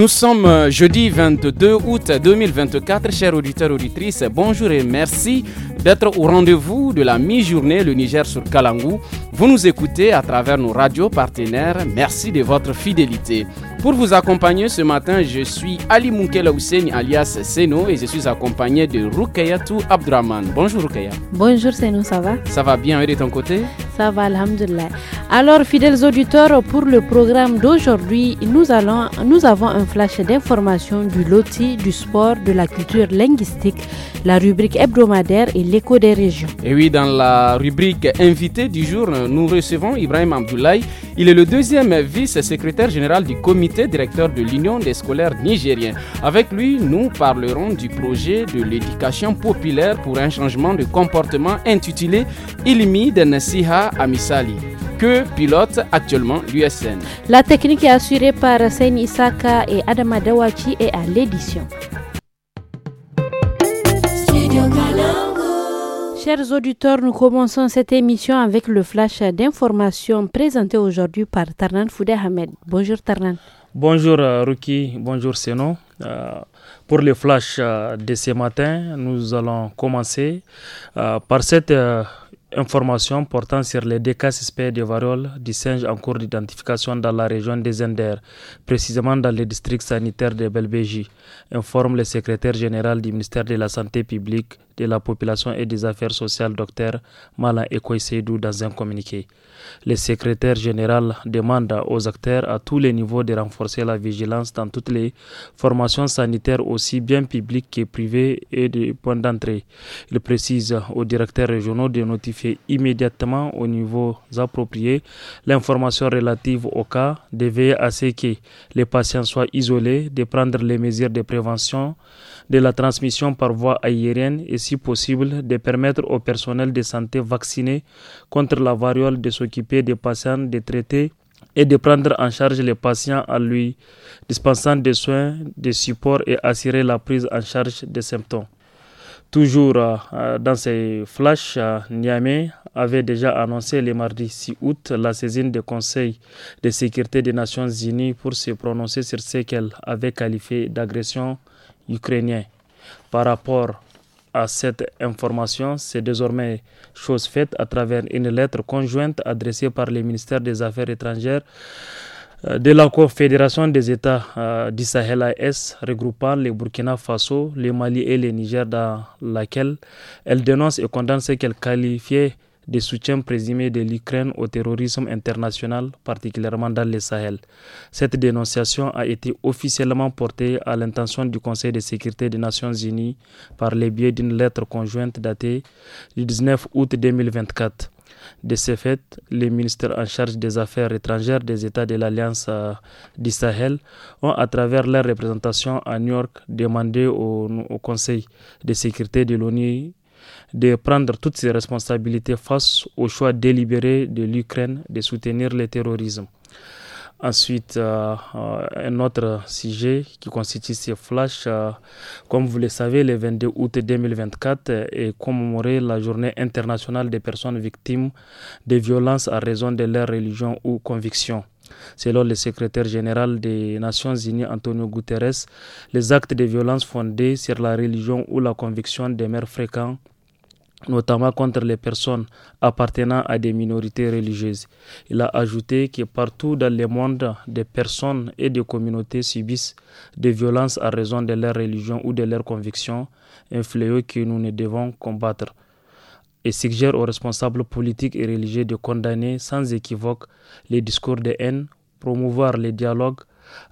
Nous sommes euh, jeudi 22 août 2024, chers auditeurs, auditrices, bonjour et merci d'être au rendez-vous de la mi-journée Le Niger sur Kalangou. Vous nous écoutez à travers nos radios partenaires, merci de votre fidélité. Pour vous accompagner ce matin, je suis Ali Moukela Ouseni, alias Seno et je suis accompagné de Rukayatou Abdraman. Bonjour Rukaya. Bonjour Seno, ça va Ça va bien et de ton côté Ça va, Alhamdulillah. Alors, fidèles auditeurs, pour le programme d'aujourd'hui, nous, nous avons un flash d'informations du loti, du sport, de la culture linguistique, la rubrique hebdomadaire et l'écho des régions. Et oui, dans la rubrique invité du jour, nous recevons Ibrahim Abdoulaye il est le deuxième vice-secrétaire général du comité directeur de l'Union des scolaires nigériens. Avec lui, nous parlerons du projet de l'éducation populaire pour un changement de comportement intitulé Ilmi de Nasiha Amisali que pilote actuellement l'USN. La technique est assurée par Sain Isaka et Adama Dawachi et à l'édition. Chers auditeurs, nous commençons cette émission avec le flash d'information présenté aujourd'hui par Tarnan Foudé Hamed. Bonjour Tarnan. Bonjour euh, Ruki, bonjour Seno. Euh, pour le flash euh, de ce matin, nous allons commencer par cette informations portant sur les deux cas suspects de variole du singe en cours d'identification dans la région des Enders, précisément dans le district sanitaire de Belbéji, informe le secrétaire général du ministère de la Santé publique, de la population et des affaires sociales, docteur Malin Ekoiseidou dans un communiqué. Le secrétaire général demande aux acteurs à tous les niveaux de renforcer la vigilance dans toutes les formations sanitaires, aussi bien publiques que privées et de points d'entrée. Il précise aux directeurs régionaux de notifier immédiatement au niveau approprié l'information relative au cas, de veiller à ce que les patients soient isolés, de prendre les mesures de prévention de la transmission par voie aérienne et si possible de permettre au personnel de santé vacciné contre la variole de s'occuper des patients, de traiter et de prendre en charge les patients à lui, dispensant des soins, des supports et assurer la prise en charge des symptômes. Toujours euh, euh, dans ces flashs, euh, Niamey avait déjà annoncé le mardi 6 août la saisine du Conseil de sécurité des Nations Unies pour se prononcer sur ce qu'elle avait qualifié d'agression ukrainienne. Par rapport à cette information, c'est désormais chose faite à travers une lettre conjointe adressée par le ministère des Affaires étrangères euh, de la Confédération des États euh, du Sahel AS regroupant les Burkina Faso, le Mali et le Niger dans laquelle elle dénonce et condamne ce qu'elle qualifiait de soutien présumé de l'Ukraine au terrorisme international, particulièrement dans le Sahel. Cette dénonciation a été officiellement portée à l'intention du Conseil de sécurité des Nations Unies par le biais d'une lettre conjointe datée du 19 août 2024. De ce fait, les ministères en charge des affaires étrangères des États de l'Alliance euh, d'Israël ont, à travers leur représentation à New York, demandé au, au Conseil de sécurité de l'ONU de prendre toutes ses responsabilités face au choix délibéré de l'Ukraine de soutenir le terrorisme. Ensuite, euh, un autre sujet qui constitue ces flashs, euh, comme vous le savez, le 22 août 2024 est commémorée la journée internationale des personnes victimes de violences à raison de leur religion ou conviction. Selon le secrétaire général des Nations Unies, Antonio Guterres, les actes de violence fondés sur la religion ou la conviction demeurent fréquents notamment contre les personnes appartenant à des minorités religieuses. Il a ajouté que partout dans le monde, des personnes et des communautés subissent des violences à raison de leur religion ou de leur conviction, un fléau que nous ne devons combattre Il suggère aux responsables politiques et religieux de condamner sans équivoque les discours de haine, promouvoir les dialogues,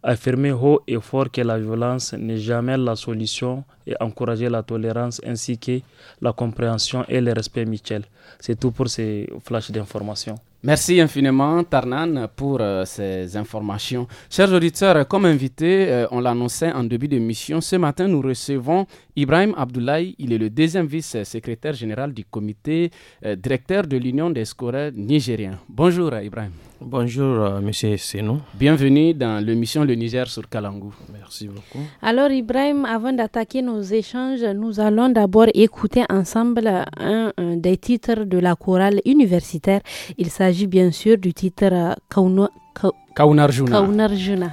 affirmer haut et fort que la violence n'est jamais la solution et encourager la tolérance ainsi que la compréhension et le respect mutuel. C'est tout pour ces flashs d'informations. Merci infiniment, Tarnan, pour euh, ces informations. Chers auditeurs, comme invité, euh, on l'annonçait en début d'émission, ce matin, nous recevons Ibrahim Abdoulaye. Il est le deuxième vice-secrétaire général du comité euh, directeur de l'Union des scolaires nigériens. Bonjour, Ibrahim. Bonjour, euh, monsieur Senou. Bienvenue dans l'émission Le Niger sur Kalangou. Merci beaucoup. Alors, Ibrahim, avant d'attaquer nos échanges, nous allons d'abord écouter ensemble un, des titres de la chorale universitaire. Il s'agit bien sûr du titre euh, Kaunarjuna.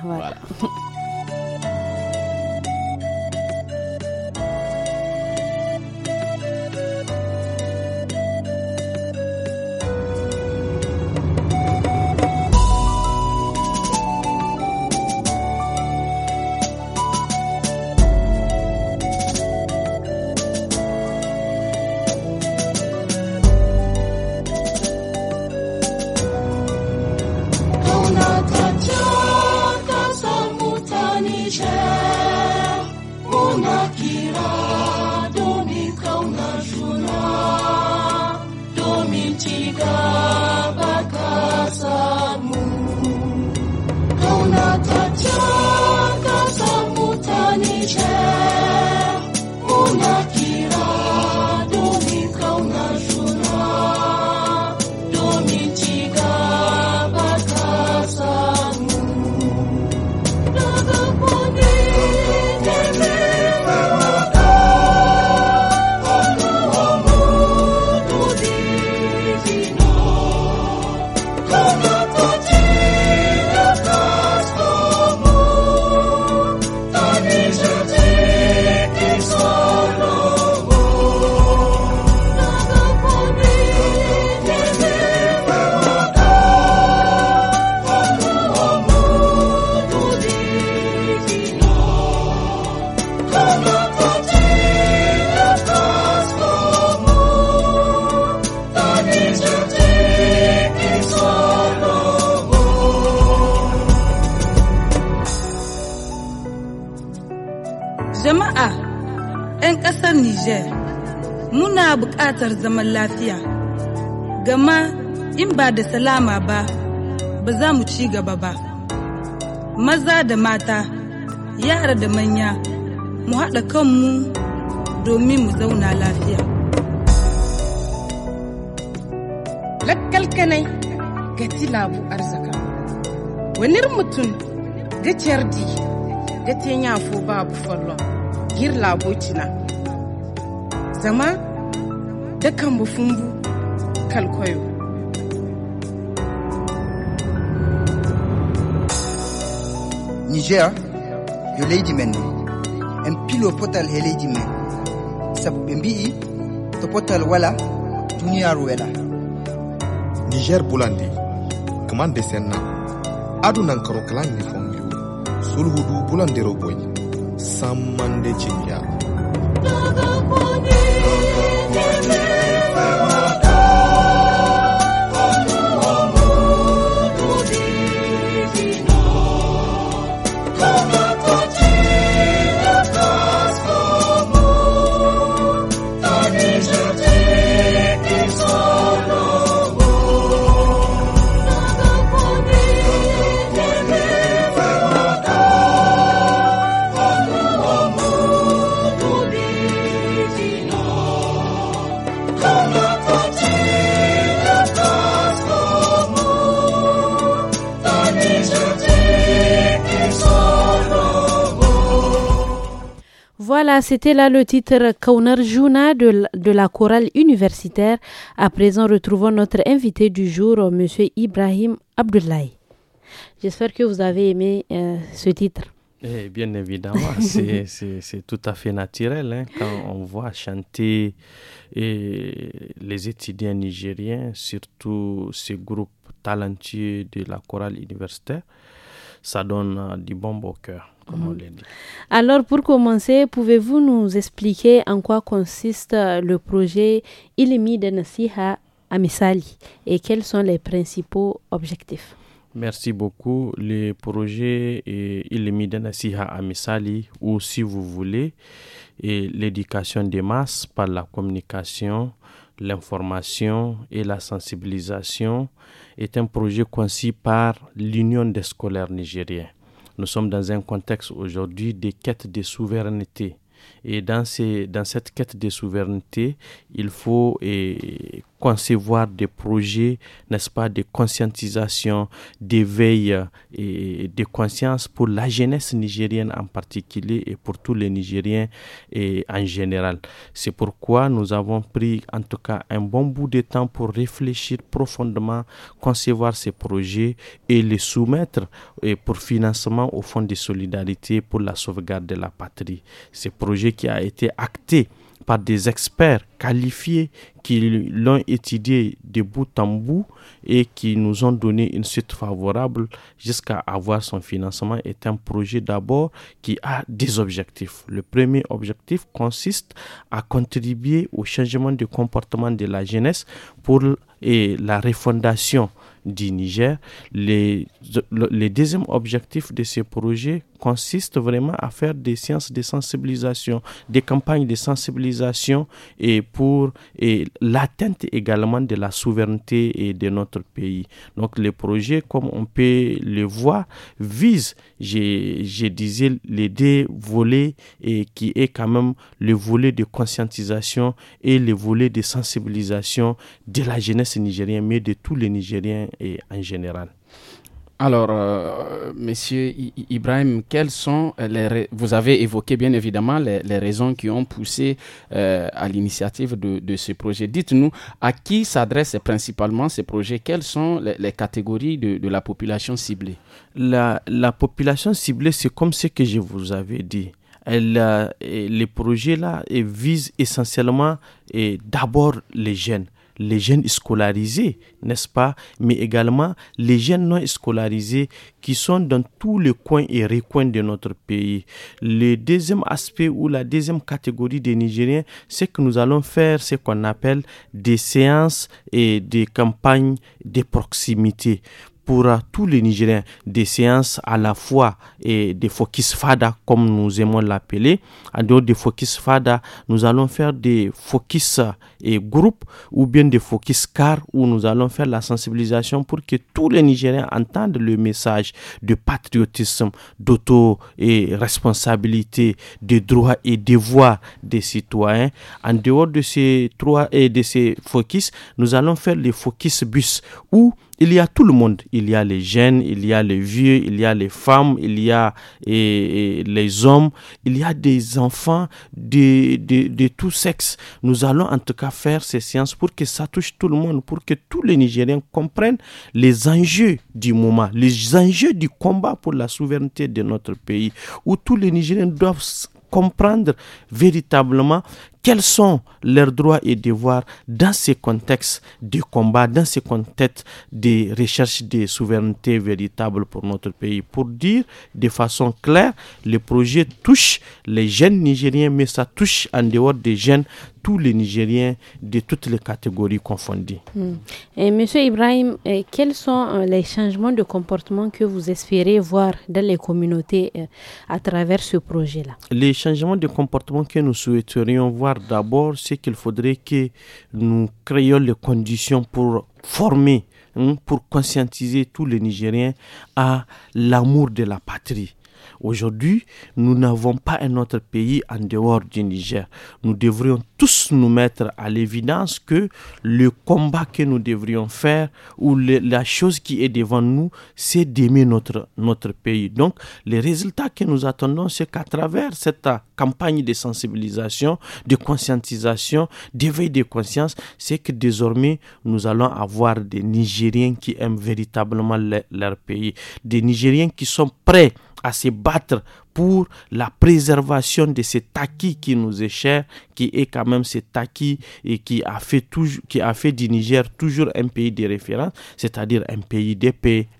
voilà. ba da salama ba ba za mu ci gaba ba maza da mata yara da manya mu haɗa kanmu domin mu zauna lafiya lakkalkanai ga tilabu arzaka Wani mutum cerdi ga gatiyan fo ba fallon gir labocina zama da kan bufumbu kalkoyo Niger yo leydi men ni en pilo potal e leydi men sabu ɓe mbi'i to potal wala duniyaaru wela niger bulandi kamande senna adunankaro kalan ni fongiw sulhudu bulandiro boy sammande cingiya Voilà, c'était là le titre Kaunar Juna de, la chorale universitaire. À présent, retrouvons notre invité du jour, M. Ibrahim Abdullahi. J'espère que vous avez aimé euh, ce titre. Eh, bien évidemment, c'est tout à fait naturel hein. quand on voit chanter les étudiants nigériens, surtout ces groupes talentueux de la chorale universitaire, ça donne euh, du bon au cœur. Mhm. Alors, pour commencer, pouvez-vous nous expliquer en quoi consiste le projet Ilimi de Nasiha à et quels sont les principaux objectifs Merci beaucoup. Le projet Ilimi de Nasiha à ou si vous voulez, l'éducation des masses par la communication, l'information et la sensibilisation est un projet conçu par l'Union des scolaires nigériens. Nous sommes dans un contexte aujourd'hui de quête de souveraineté et dans, dans cette quête de souveraineté, il faut concevoir des projets, n'est-ce pas, de conscientisation, d'éveil et de conscience pour la jeunesse nigérienne en particulier et pour tous les Nigériens et en général. C'est pourquoi nous avons pris en tout cas un bon bout de temps pour réfléchir profondément, concevoir ces projets et les soumettre et pour financement au Fonds de solidarité pour la sauvegarde de la patrie. Ces projets qui a été acté par des experts qualifiés qui l'ont étudié de bout en bout et qui nous ont donné une suite favorable jusqu'à avoir son financement est un projet d'abord qui a des objectifs. Le premier objectif consiste à contribuer au changement de comportement de la jeunesse pour et la refondation du Niger. le deuxième objectif de ce projet consiste vraiment à faire des sciences de sensibilisation, des campagnes de sensibilisation et pour et l'atteinte également de la souveraineté et de notre pays. Donc les projets, comme on peut le voir, vise, je, disais, les deux volets et qui est quand même le volet de conscientisation et le volet de sensibilisation de la jeunesse nigérienne, mais de tous les Nigériens et en général. Alors, M. Euh, monsieur Ibrahim, quelles sont euh, les vous avez évoqué bien évidemment les, raisons qui ont poussé euh, à l'initiative de, ce projet. Dites-nous à qui s'adressent principalement ces projets. Quelles sont les, catégories de, la population ciblée la, population ciblée, c'est comme ce que je vous avais dit. les projets là visent essentiellement d'abord les jeunes les jeunes scolarisés, n'est-ce pas, mais également les jeunes non scolarisés qui sont dans tous les coins et recoins de notre pays. Le deuxième aspect ou la deuxième catégorie des Nigériens, c'est que nous allons faire ce qu'on appelle des séances et des campagnes de proximité pour tous les Nigériens des séances à la fois et des focus fada comme nous aimons l'appeler. En dehors des focus fada, nous allons faire des focus euh, et groupes ou bien des focus car où nous allons faire la sensibilisation pour que tous les Nigériens entendent le message de patriotisme, d'auto et responsabilité, des droits et devoirs des citoyens. En dehors de ces trois et de ces focus, nous allons faire les focus bus où il y a tout le monde. Il y a les jeunes, il y a les vieux, il y a les femmes, il y a les hommes, il y a des enfants de, de, de tous sexes. Nous allons en tout cas faire ces séances pour que ça touche tout le monde, pour que tous les Nigériens comprennent les enjeux du moment, les enjeux du combat pour la souveraineté de notre pays, où tous les Nigériens doivent comprendre véritablement quels sont leurs droits et devoirs dans ces contextes de combat, dans ces contextes de recherche de souveraineté véritable pour notre pays. Pour dire de façon claire, le projet touche les jeunes Nigériens, mais ça touche en dehors des jeunes tous les Nigériens de toutes les catégories confondues. Hmm. Monsieur Ibrahim, euh, quels sont euh, les changements de comportement que vous espérez voir dans les communautés euh, à travers ce projet-là Les changements de comportement que nous souhaiterions voir d'abord, c'est qu'il faudrait que nous créions les conditions pour former, hein, pour conscientiser tous les Nigériens à l'amour de la patrie Aujourd'hui, nous n'avons pas un autre pays en dehors du Niger. Nous devrions tous nous mettre à l'évidence que le combat que nous devrions faire ou la chose qui est devant nous, c'est d'aimer notre, notre pays. Donc, les résultats que nous attendons, c'est qu'à travers cette campagne de sensibilisation, de conscientisation, d'éveil de conscience, c'est que désormais, nous allons avoir des Nigériens qui aiment véritablement leur pays, des Nigériens qui sont prêts a se bater pour la préservation de cet acquis qui nous est cher, qui est quand même cet acquis et qui a fait, toujours, qui a fait du Niger toujours un pays de référence, c'est-à-dire un pays de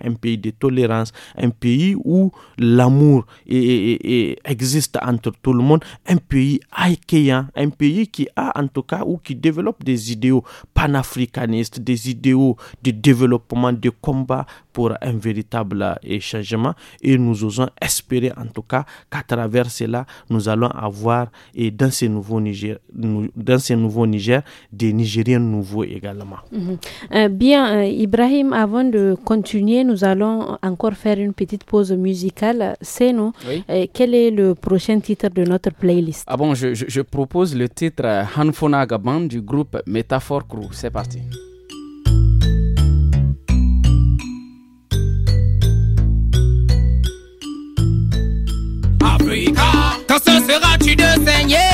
un pays de tolérance, un pays où l'amour existe entre tout le monde, un pays haïkéen, un pays qui a en tout cas ou qui développe des idéaux panafricanistes, des idéaux de développement, de combat pour un véritable euh, changement. Et nous osons espérer en tout cas qu'à travers cela, nous allons avoir et dans ces nouveaux Niger, dans ces nouveaux Niger des Nigériens nouveaux également. Mhm. Euh, bien, euh, Ibrahim, avant de continuer, nous allons encore faire une petite pause musicale. C'est nous. Euh, quel est le prochain titre de notre playlist Ah bon, je, propose le titre Hanfona Gaban du groupe Métaphore Crew. C'est parti. ce sera tu de saigner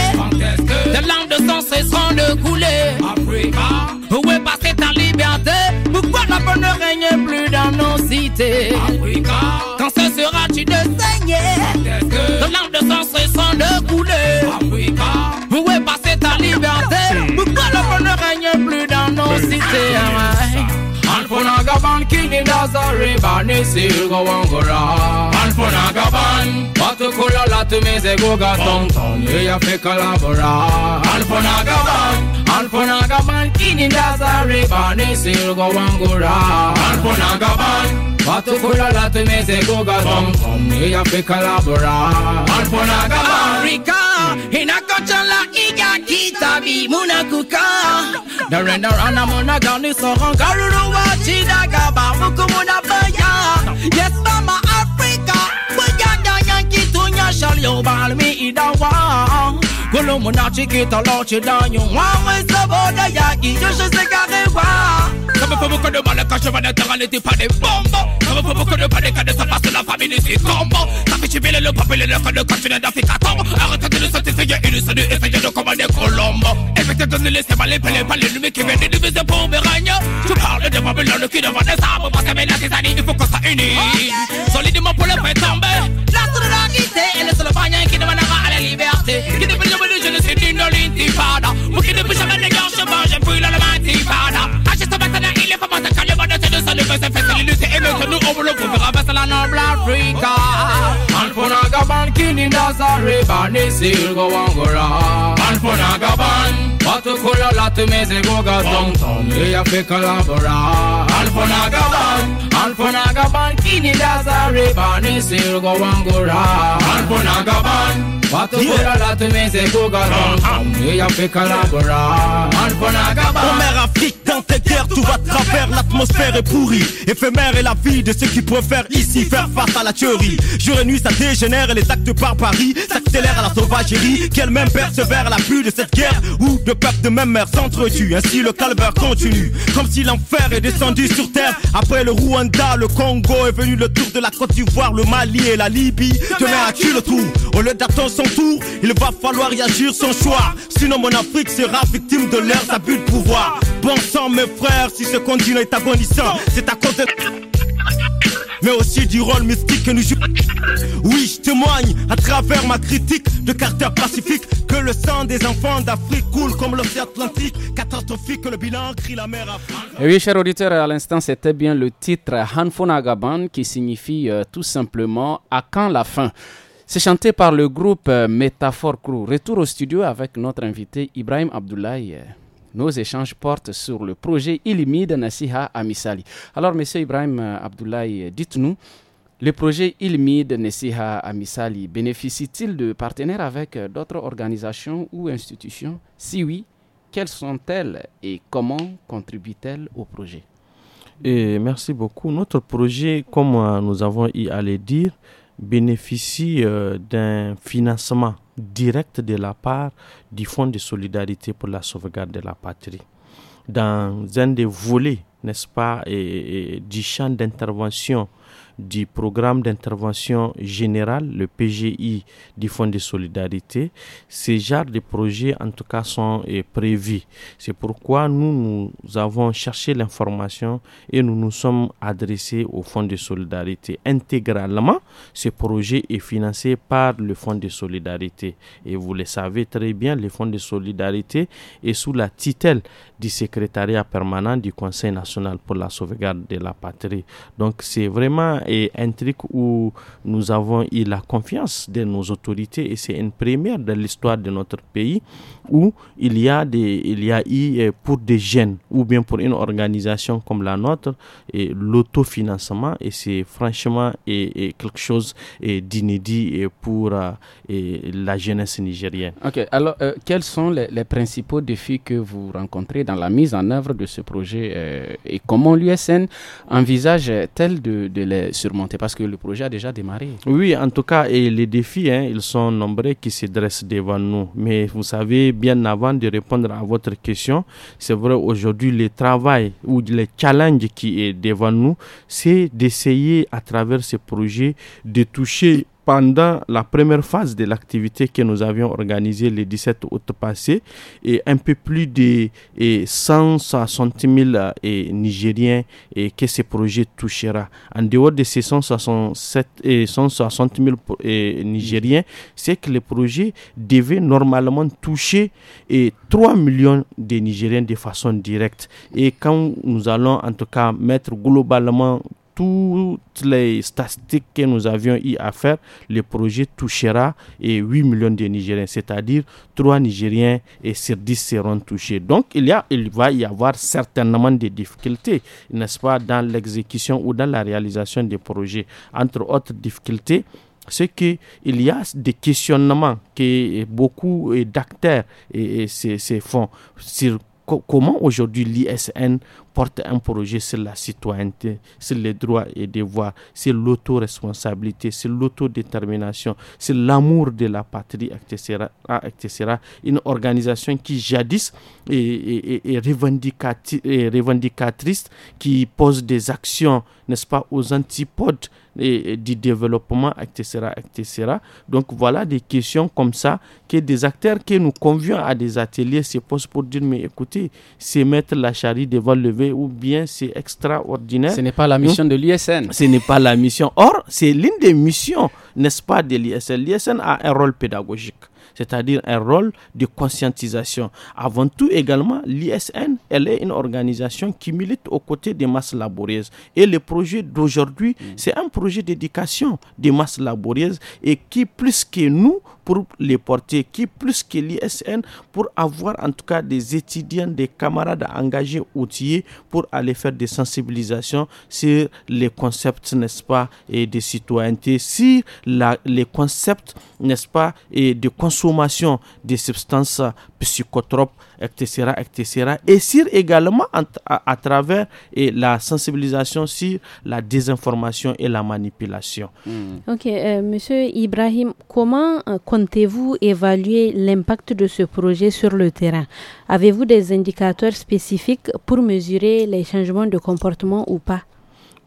De larmes de sang cesseront de couler Africa. Où est passée ta liberté Pourquoi la peur ne règne plus dans nos cités Africa. Quand sera tu de saigner De larmes de sang cesseront de couler Africa. Où est passée ta liberté Pourquoi la peur ne règne plus dans nos cités ah Funagaban, King Nazare, Bani, Silgo, Wangora. And Funagaban, Batukula, Latume, Zegoga, Tom Tom, we have a collabora. And for and Funagaban, King Nazare, Bani, go Wangora. And Funagaban, Batukula, Latume, Zegoga, Tom Tom, we have a collabora. And Funagaban, Rika, Inakochala, Iga, Kita, Kuka. Ndrin a ndrin amuna gal nisonga garuru wa chidaga ba k u k u n a ba ya Yes mama Africa ba yanga yankitunya s h a n l you bal mi i n a w a kulo munati kita l o t e n a nyongwa wa saboda yagi yusheseka ge wa. me fait beaucoup de mal quand je vois l'intérieur n'était pas des bombes. Ça me fait beaucoup de mal quand ça passe la famille ici tombe. Ça fait chier le peuple et le cœur de continent d'Afrique tombe. Arrêtez de le satisfaire, il est de essayer de commander Colombe. Et peut-être de ne laisser pas les pelles, pas les lumières qui viennent de diviser pour Béragne. Tu parles de Babylone qui devant des arbres, parce que lacs et années, il faut qu'on s'unisse. Oh, Solidement pour le faire tomber. L'astre de la guité et le seul bagnon qui demandera à la liberté. Qui depuis le début, je ne suis d'une l'intifada. Moi qui ne depuis jamais les gars, je mange, ah, je brûle la matifada. Achète maintenant Il est pas passé quand les bandes c'est de salut, c'est fait salut, c'est aimé, c'est nous, on veut le couvrir, parce que la noble Africa. And for Nagaban, Kini Nazare, Bani Silgo Wangora. And for Nagaban, Batu Kula Latu Meze Goga, Alphonagaban, Alphonagaban, Kini Lazare, Bani Silgo Wangura. Alphonagaban, Watu yeah. la ya Alphonagaban. Mon mère Afrique, dans tes guerres, tout va travers, l'atmosphère est pourrie. Éphémère est la vie de ceux qui préfèrent ici faire face à la tuerie. Jour et nuit, ça dégénère et les actes de barbarie s'accélèrent à la sauvagerie. Qu'elle-même persévère la pluie de cette guerre où deux peuples de même mère s'entretuent. Ainsi, le calvaire continue, comme si l'enfer est descendu sur après le Rwanda, le Congo est venu le tour de la Côte d'Ivoire, le Mali et la Libye. Demain, as-tu le tour Au lieu d'attendre son tour, il va falloir y agir son choix. Sinon, mon Afrique sera victime de leurs abus de pouvoir. Bon sang, mes frères, si ce continent est agonissant, c'est à cause de mais aussi du rôle mystique que nous jouons. Oui, je témoigne à travers ma critique de Carter Pacifique que le sang des enfants d'Afrique coule comme l'océan Atlantique, catastrophique que le bilan crie la mer Afrique. Et oui, cher auditeur, à l'instant, c'était bien le titre Hanfonagaban qui signifie euh, tout simplement à quand la fin. C'est chanté par le groupe euh, Métaphore Crew. Retour au studio avec notre invité Ibrahim Abdoulaye. Nos échanges portent sur le projet Ilmide Nasiha Amisali. Alors, Monsieur Ibrahim euh, Abdoulaye, euh, dites-nous, le projet Ilmid Nessiha Amisali bénéficie-t-il de partenaires avec euh, d'autres organisations ou institutions Si oui, quelles sont-elles et comment contribuent-elles au projet et Merci beaucoup. Notre projet, comme nous avons eu à le dire, bénéficie euh, d'un financement direct de la part du Fonds de solidarité pour la sauvegarde de la patrie. Dans un des volets n'est-ce pas, et, du champ d'intervention du programme d'intervention général, le PGI du Fonds de solidarité. Ces genres de projets, en tout cas, sont euh, prévus. C'est pourquoi nous, nous avons cherché l'information et nous nous sommes adressés au Fonds de solidarité. Intégralement, ce projet est financé par le Fonds de solidarité. Et vous le savez très bien, le Fonds de solidarité est sous la titelle du secrétariat permanent du Conseil national pour la sauvegarde de la patrie. Donc c'est vraiment un truc où nous avons eu la confiance de nos autorités et c'est une première de l'histoire de notre pays où il y a des il y a eu euh, pour des jeunes ou bien pour une organisation comme la nôtre et l'autofinancement et c'est franchement et, quelque chose d'inédit pour euh, la jeunesse nigérienne. Ok alors euh, quels sont les, principaux défis que vous rencontrez dans la mise en œuvre de ce projet et comment l'USN envisage-t-elle de, les surmonter Parce que le projet a déjà démarré. Oui, en tout cas, et les défis, hein, ils sont nombreux qui se dressent devant nous. Mais vous savez, bien avant de répondre à votre question, c'est vrai, aujourd'hui, le travail ou le challenge qui est devant nous, c'est d'essayer à travers ce projet de toucher pendant la première phase de l'activité que nous avions organisée le 17 août passé et un peu plus de 160 000 euh, Nigériens que ce projet touchera. En dehors de ces 160 000 Nigériens, c'est que le projet devait normalement toucher 3 millions de Nigériens de façon directe. Et quand nous allons en tout cas mettre globalement toutes les statistiques que nous avions eu à faire, le projet touchera et 8 millions de Nigériens, c'est-à-dire 3 Nigériens et sur 10 seront touchés. Donc il, y a, il va y avoir certainement des difficultés, n'est-ce pas, dans l'exécution ou dans la réalisation des projets. Entre autres difficultés, c'est qu'il y a des questionnements que beaucoup d'acteurs se font sur comment aujourd'hui l'ISN porte un projet sur la citoyenneté, sur les droits et devoirs, sur l'autoresponsabilité, sur l'autodétermination, sur l'amour de la patrie, etc., Une organisation qui jadis est, revendicatrice, qui pose des actions, n'est-ce pas, aux antipodes du développement, etc., etc. Donc voilà des questions comme ça que des acteurs qui nous convient à des ateliers se posent pour dire, mais écoutez, c'est mettre la charrie devant le ou bien c'est extraordinaire. Ce n'est pas la mission de l'ISN. Ce n'est pas la mission. Or, c'est l'une des missions, n'est-ce pas, de l'ISN. L'ISN a un rôle pédagogique c'est-à-dire un rôle de conscientisation. Avant tout également, l'ISN, elle est une organisation qui milite aux côtés des masses laborieuses. Et le projet d'aujourd'hui, mm. c'est un projet d'éducation des masses laborieuses et qui, plus que nous, pour les porter qui, plus que l'ISN, pour avoir en tout cas des étudiants, des camarades engagés, outillés pour aller faire des sensibilisations sur les concepts, n'est-ce pas, et de citoyenneté, sur les concepts, n'est-ce pas, et de consommation des substances psychotropes etc., Et sur également à, travers et la sensibilisation sur la désinformation et la manipulation. Hmm. Ok, euh, Monsieur Ibrahim, comment euh, comptez-vous évaluer l'impact de ce projet sur le terrain Avez-vous des indicateurs spécifiques pour mesurer les changements de comportement ou pas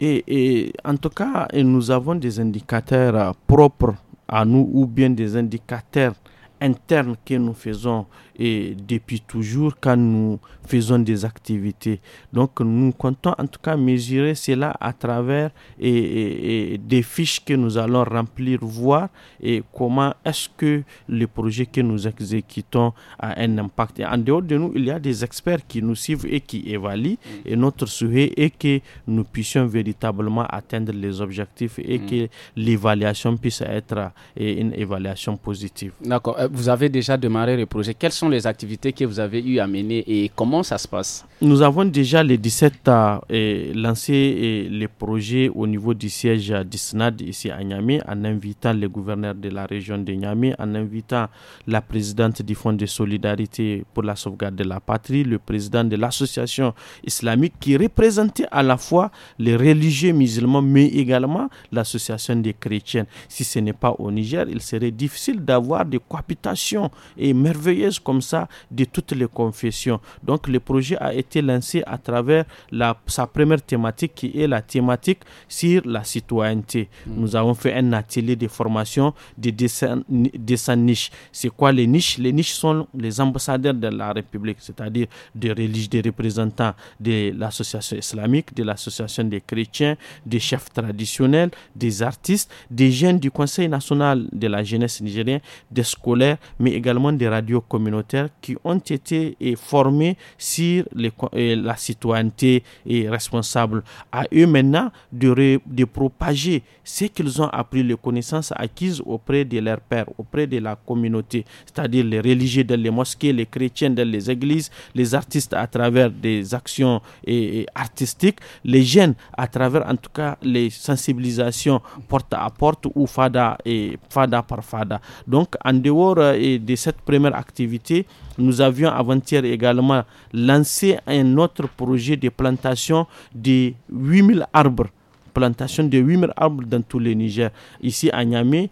et, en tout cas, nous avons des indicateurs euh, propres à nous ou bien des indicateurs internes que nous faisons et depuis toujours quand nous faisons des activités. Donc nous comptons en tout cas mesurer cela à travers et, des fiches que nous allons remplir, voir et comment est-ce que le projet que nous exécutons a un impact. en dehors de nous, il y a des experts qui nous suivent et qui évaluent mm. et notre souhait est que nous puissions véritablement atteindre les objectifs et mm. que l'évaluation puisse être une évaluation positive. D'accord. Euh, vous avez déjà démarré le projet. Quels sont les activités que vous avez eu à mener et comment ça se passe Nous avons déjà les 17 à euh, lancé les projets au niveau du siège du SNAD ici à Niamey en invitant le gouverneur de la région de Niamey, en invitant la présidente du Fonds de solidarité pour la sauvegarde de la patrie, le président de l'association islamique qui représentait à la fois les religieux musulmans mais également l'association des chrétiens. Si ce n'est pas au Niger, il serait difficile d'avoir des cohabitations et merveilleuses comme ça de toutes les confessions. Donc le projet a été lancé à travers la, sa première thématique qui est la thématique sur la citoyenneté. Mm. Nous avons fait un atelier de formation des dessins dessin niche. C'est quoi les niches Les niches sont les ambassadeurs de la République, c'est-à-dire des religieux, des représentants de l'association islamique, de l'association des chrétiens, des chefs traditionnels, des artistes, des jeunes du Conseil national de la jeunesse nigérienne, des scolaires, mais également des radios communautaires qui ont été eh, formés sur les, eh, la citoyenneté et responsable. À eux maintenant de, de propager ce qu'ils ont appris, les connaissances acquises auprès de leurs pères, auprès de la communauté, c'est-à-dire les religieux dans les mosquées, les chrétiens dans les églises, les artistes à travers des actions et, eh, artistiques, les jeunes à travers en tout cas les sensibilisations porte à porte ou fada et fada par fada. Donc en dehors de cette première activité, nous avions avant-hier également lancé un autre projet de plantation de 8000 arbres plantation de 8000 arbres dans tout le Niger. Ici à Niamey,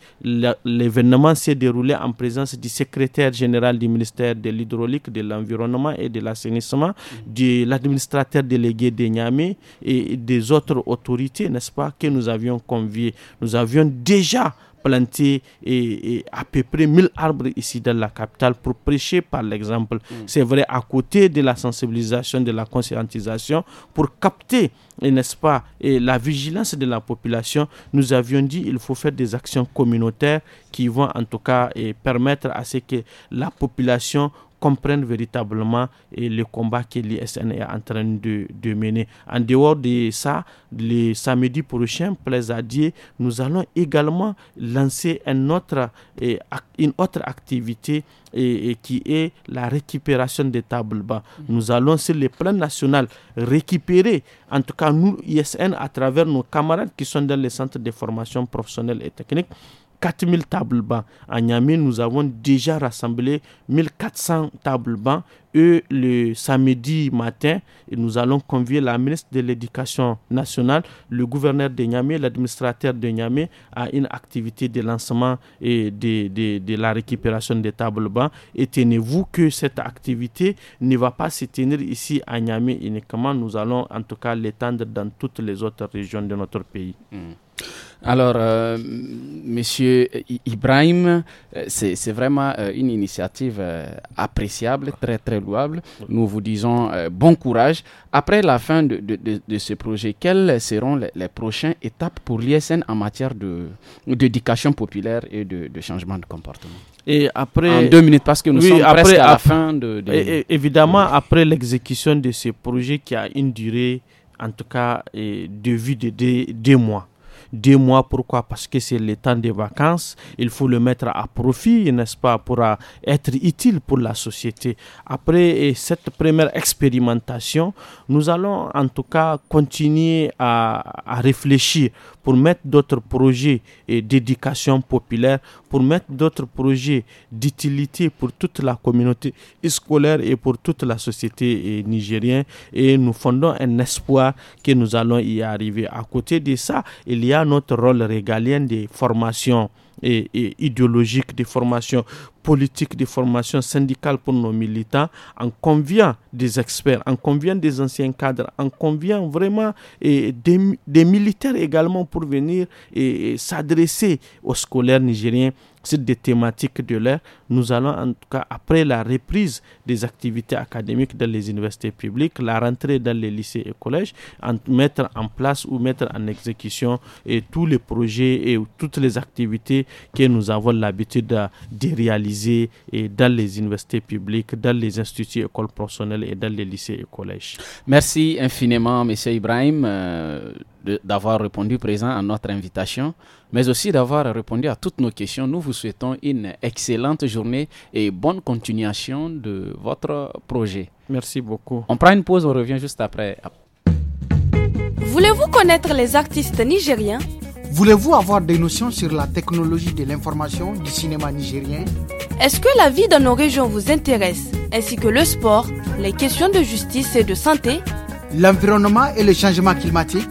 l'événement s'est déroulé en présence du secrétaire général du ministère de l'hydraulique, de l'environnement et de l'assainissement, de l'administrateur délégué de Niamey et des autres autorités, n'est-ce pas, que nous avions conviés. Nous avions déjà planté et, à peu près 1000 arbres ici dans la capitale pour prêcher par l'exemple. Mm. C'est vrai, à côté de la sensibilisation, de la conscientisation, pour capter, n'est-ce pas, et la vigilance de la population, nous avions dit il faut faire des actions communautaires qui vont en tout cas et permettre à ce que la population comprennent véritablement le combat que l'ISN est en train de, mener. En dehors de ça, le samedi prochain, plaisadier, nous allons également lancer une autre activité qui est la récupération des tables bas. Mm-hmm. Nous allons sur le plan national récupérer, en tout cas nous, l'ISN, à travers nos camarades qui sont dans les centres de formation professionnelle et technique, 4000 tables bancs. À Niamey, nous avons déjà rassemblé 1400 tables bancs. Et le samedi matin, nous allons convier la ministre de l'Éducation nationale, le gouverneur de Niamey, l'administrateur de Niamey à une activité de lancement et de, la récupération des tables bancs. Et tenez-vous que cette activité ne va pas se tenir ici à Niamey uniquement. Nous allons en tout cas l'étendre dans toutes les autres régions de notre pays. Mmh. Alors, M. Euh, monsieur Ibrahim, euh, c'est vraiment euh, une initiative appréciable, très très louable. Nous vous disons bon courage. Après la fin de, ce projet, quelles seront les, prochaines étapes pour l'ISN en matière d'éducation populaire et de, changement de comportement et après, En deux minutes, parce que nous sommes à la fin de... évidemment, après l'exécution de ce projet qui a une durée, en tout cas, de vue de deux mois deux mois, pourquoi Parce que c'est le temps des vacances. Il faut le mettre à profit, n'est-ce pas, pour euh, être utile pour la société. Après cette première expérimentation, nous allons en tout cas continuer à, à réfléchir pour mettre d'autres projets d'éducation populaire, pour mettre d'autres projets d'utilité pour toute la communauté scolaire et pour toute la société nigérienne. Et nous fondons un espoir que nous allons y arriver. À côté de ça, il y a notre rôle régalien des formations et, idéologique idéologiques, des formations politiques, des formations syndicales pour nos militants, en convient des experts, en convient des anciens cadres, en convient vraiment et des, militaires également pour venir et s'adresser aux scolaires nigériens c'est des thématiques de l'air. Nous allons en tout cas, après la reprise des activités académiques dans les universités publiques, la rentrée dans les lycées et collèges, mettre en place ou mettre en exécution tous les projets et toutes les activités que nous avons l'habitude de réaliser dans les universités publiques, dans les instituts écoles professionnelles et dans les lycées et collèges. Merci infiniment, M. Ibrahim. Euh, d'avoir répondu présent à notre invitation, mais aussi d'avoir répondu à toutes nos questions. Nous vous souhaitons une excellente journée et bonne continuation de votre projet. Merci beaucoup. On prend une pause, on revient juste après. Voulez-vous connaître les artistes nigériens Voulez-vous avoir des notions sur la technologie de l'information du cinéma nigérien Est-ce que la vie dans nos régions vous intéresse, ainsi que le sport, les questions de justice et de santé L'environnement et le changement climatique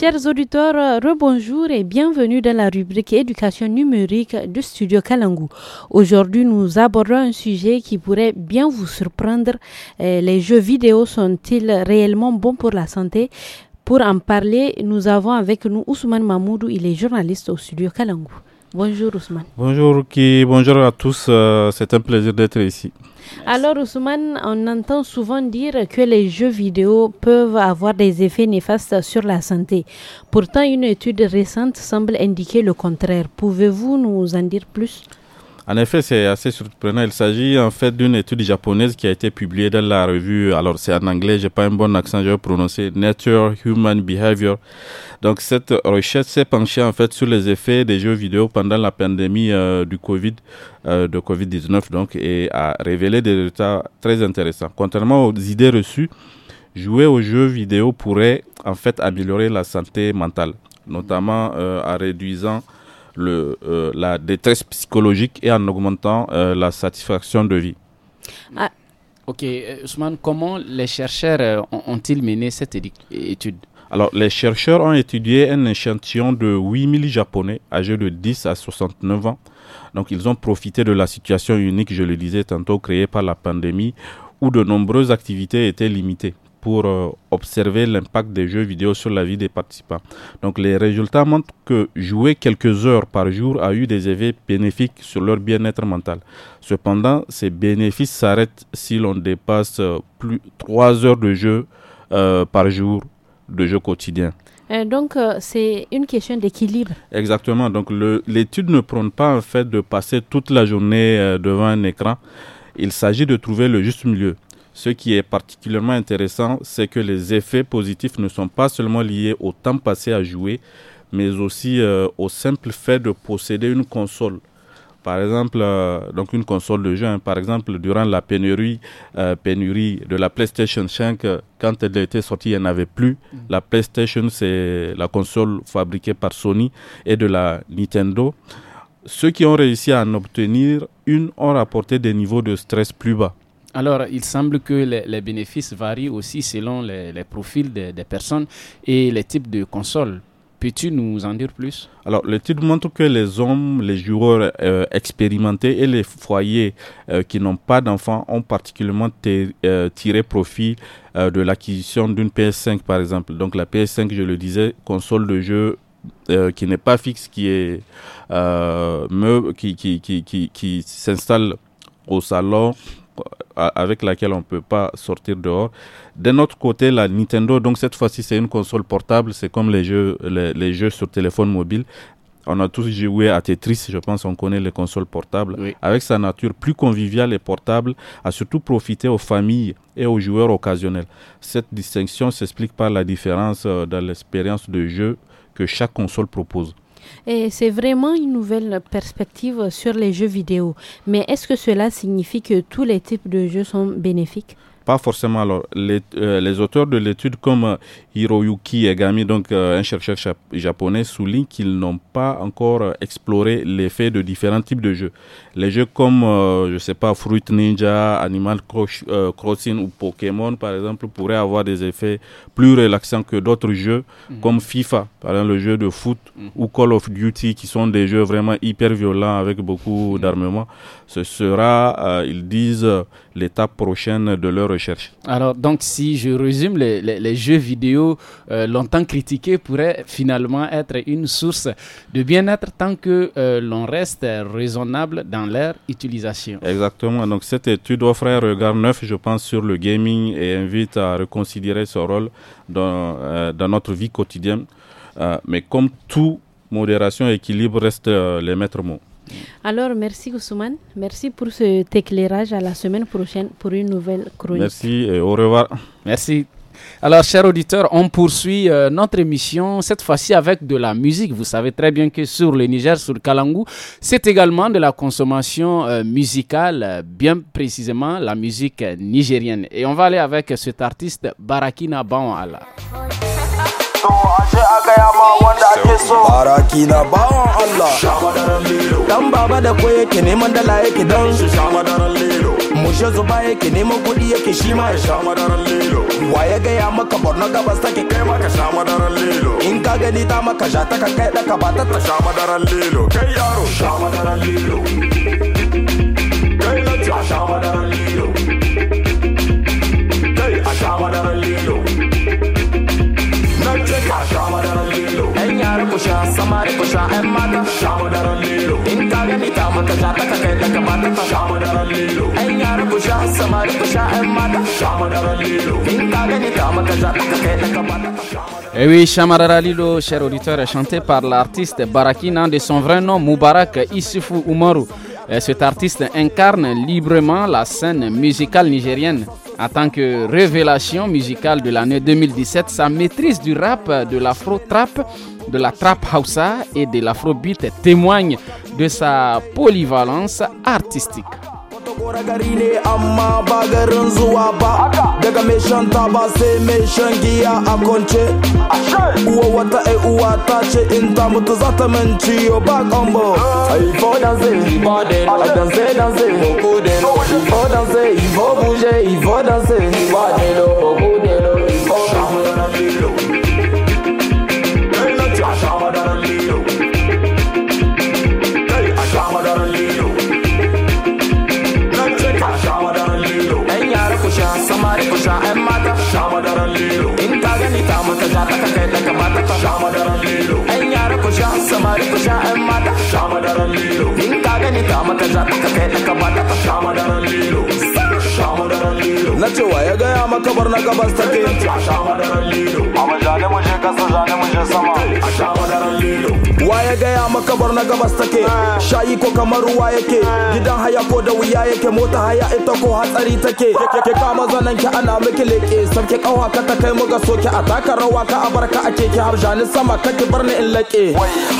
Chers auditeurs, euh, rebonjour et bienvenue dans la rubrique éducation numérique du studio Kalangu. Aujourd'hui, nous abordons un sujet qui pourrait bien vous surprendre. Euh, les jeux vidéo sont-ils réellement bons pour la santé Pour en parler, nous avons avec nous Ousmane Mamoudou, il est journaliste au studio Kalangu. Bonjour Ousmane. Bonjour qui bonjour à tous, euh, c'est un plaisir d'être ici. Alors Ousmane, on entend souvent dire que les jeux vidéo peuvent avoir des effets néfastes sur la santé. Pourtant, une étude récente semble indiquer le contraire. Pouvez-vous nous en dire plus en effet, c'est assez surprenant. Il s'agit en fait d'une étude japonaise qui a été publiée dans la revue, alors c'est en anglais, j'ai pas un bon accent, je vais prononcer Nature Human Behavior. Donc cette recherche s'est penchée en fait sur les effets des jeux vidéo pendant la pandémie euh, du Covid, euh, de Covid-19 donc, et a révélé des résultats très intéressants. Contrairement aux idées reçues, jouer aux jeux vidéo pourrait en fait améliorer la santé mentale, notamment euh, en réduisant le, euh, la détresse psychologique et en augmentant euh, la satisfaction de vie. Ah. Ok, euh, Ousmane, comment les chercheurs ont-ils mené cette étude alors, les chercheurs ont étudié un échantillon de 8000 Japonais âgés de 10 à 69 ans. Donc, ils ont profité de la situation unique, je le disais tantôt, créée par la pandémie, où de nombreuses activités étaient limitées pour euh, observer l'impact des jeux vidéo sur la vie des participants. Donc les résultats montrent que jouer quelques heures par jour a eu des effets bénéfiques sur leur bien-être mental. Cependant, ces bénéfices s'arrêtent si l'on dépasse euh, plus trois heures de jeu euh, par jour de jeu quotidien. donc, c'est une question d'équilibre. Exactement. Donc, l'étude ne prône pas en fait de passer toute la journée devant un écran. Il s'agit de trouver le juste milieu. Ce qui est particulièrement intéressant, c'est que les effets positifs ne sont pas seulement liés au temps passé à jouer, mais aussi euh, au simple fait de posséder une console par exemple, euh, donc une console de jeu, hein. par exemple, durant la pénurie, euh, pénurie de la PlayStation 5, quand elle a été sortie, il n'y avait plus. Mm. La PlayStation, c'est la console fabriquée par Sony et de la Nintendo. Ceux qui ont réussi à en obtenir une ont rapporté des niveaux de stress plus bas. Alors, il semble que les, bénéfices varient aussi selon les, profils des, personnes et les types de consoles. Peux-tu nous en dire plus Alors, l'étude montre que les hommes, les joueurs euh, expérimentés et les foyers euh, qui n'ont pas d'enfants ont particulièrement euh, tiré profit de l'acquisition d'une PS5, par exemple. Donc, la PS5, je le disais, console de jeu qui n'est pas fixe, qui est qui s'installe au salon euh, avec laquelle on ne peut pas sortir dehors. D'un autre côté, la Nintendo, donc cette fois-ci, c'est une console portable, c'est comme les jeux, les, jeux sur téléphone mobile on a tous joué à Tetris, je pense, on connaît les consoles portables. Avec sa nature plus conviviale et portable, a surtout profité aux familles et aux joueurs occasionnels. Cette distinction s'explique par la différence euh, dans l'expérience de jeu que chaque console propose. Et c'est vraiment une nouvelle perspective sur les jeux vidéo. Mais est-ce que cela signifie que tous les types de jeux sont bénéfiques pas forcément. Alors, euh, les, auteurs de l'étude, comme Hiroyuki Egami, donc euh, un chercheur japonais, souligne qu'ils n'ont pas encore euh, exploré l'effet de différents types de jeux. Les jeux comme, euh, je sais pas, Fruit Ninja, Animal Crossing ou Pokémon, par exemple, pourraient avoir des effets plus relaxants que d'autres jeux mhm. comme FIFA, par exemple le jeu de foot mhm. ou Call of Duty, qui sont des jeux vraiment hyper violents avec beaucoup mhm. d'armement. Ce sera, ils disent, l'étape prochaine de leur recherche. Alors, donc, si je résume les jeux vidéo euh, longtemps critiqués, pourrait finalement être une source de bien-être tant que euh, l'on reste raisonnable dans leur utilisation. Exactement. Donc cette étude offre un regard neuf, je pense, sur le gaming et invite à reconsidérer ce rôle dans, euh, dans notre vie quotidienne. mais comme tout, modération et équilibre restent les maîtres mots. Alors, merci Ousmane. Merci pour cet éclairage. À la semaine prochaine pour une nouvelle chronique. Merci et au revoir. Merci. Alors, chers auditeurs, on poursuit euh, notre émission, cette fois-ci avec de la musique. Vous savez très bien que sur le Niger, sur le Kalangu, c'est également de la consommation euh, musicale, euh, bien précisément la musique nigérienne. Et on va aller avec cet artiste, Barakina Banwala. mushe zuba yake neman kuɗi yake shi ma ya sha madaran lilo wa ya gaya maka borno gabas take kai ma ka sha madaran lilo in ka gani ta maka sha ta ka kai daka ba ta ta sha madaran lilo kai yaro sha madaran lilo kai lati sha madaran lilo kai a sha madaran lilo na ce ka sha Eh Et oui, Shamararalilo, cher auditeur, est chanté par l'artiste Barakina de son vrai nom Moubarak Issoufou Umaru. Eh, cet artiste incarne librement la scène musicale nigérienne. En tant que révélation musicale de l'année 2017, sa maîtrise du rap, de l'afro-trap de la trap house et de l'afrobeat témoigne de sa polyvalence artistique. شاعر مات شامدر الليلو انت غني تامت جاتك كيدك ماتك شامدر الليلو ان يارك شاع سمارك شاعر مات شامدر الليلو انت غني تامت جاتك كيدك ماتك شامدر الليلو na cewa ya gaya makabar na gabas take a sha madarar lilo a mu je kasa zane mu je sama ya gaya maka bar na gabas take shayi ko kamar ruwa yake gidan haya ko da wuya yake mota haya ita ko hatsari take ke kama zanen ki ana miki leke sarki kawa ka ta kai muka soki a taka rawa ka abarka a keke jani sama kake bar ni in lake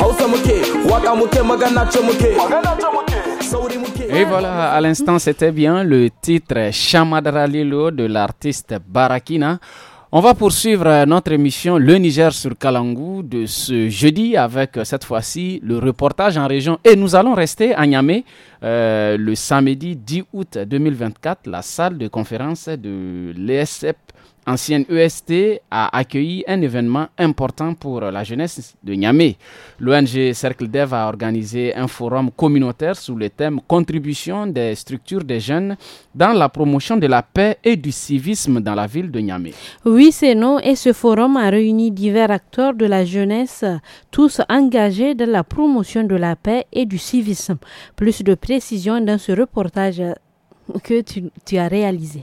hausa muke waka muke magana ce muke Et voilà, à l'instant c'était bien le titre Lilo de l'artiste Barakina. On va poursuivre euh, notre émission Le Niger sur Kalangou de ce jeudi avec euh, cette fois-ci le reportage en région. Et nous allons rester à Niamey euh, le samedi 10 août 2024, la salle de conférence de l'esp. E ancienne UST e a accueilli un événement important pour euh, la jeunesse de Niamey. L'ONG Cercle Dev a organisé un forum communautaire sous le thème Contribution des structures des jeunes dans la promotion de la paix et du civisme dans la ville de Niamey. Oui, c'est non, et ce forum a réuni divers acteurs de la jeunesse, tous engagés dans la promotion de la paix et du civisme. Plus de précisions dans ce reportage que tu as réalisé.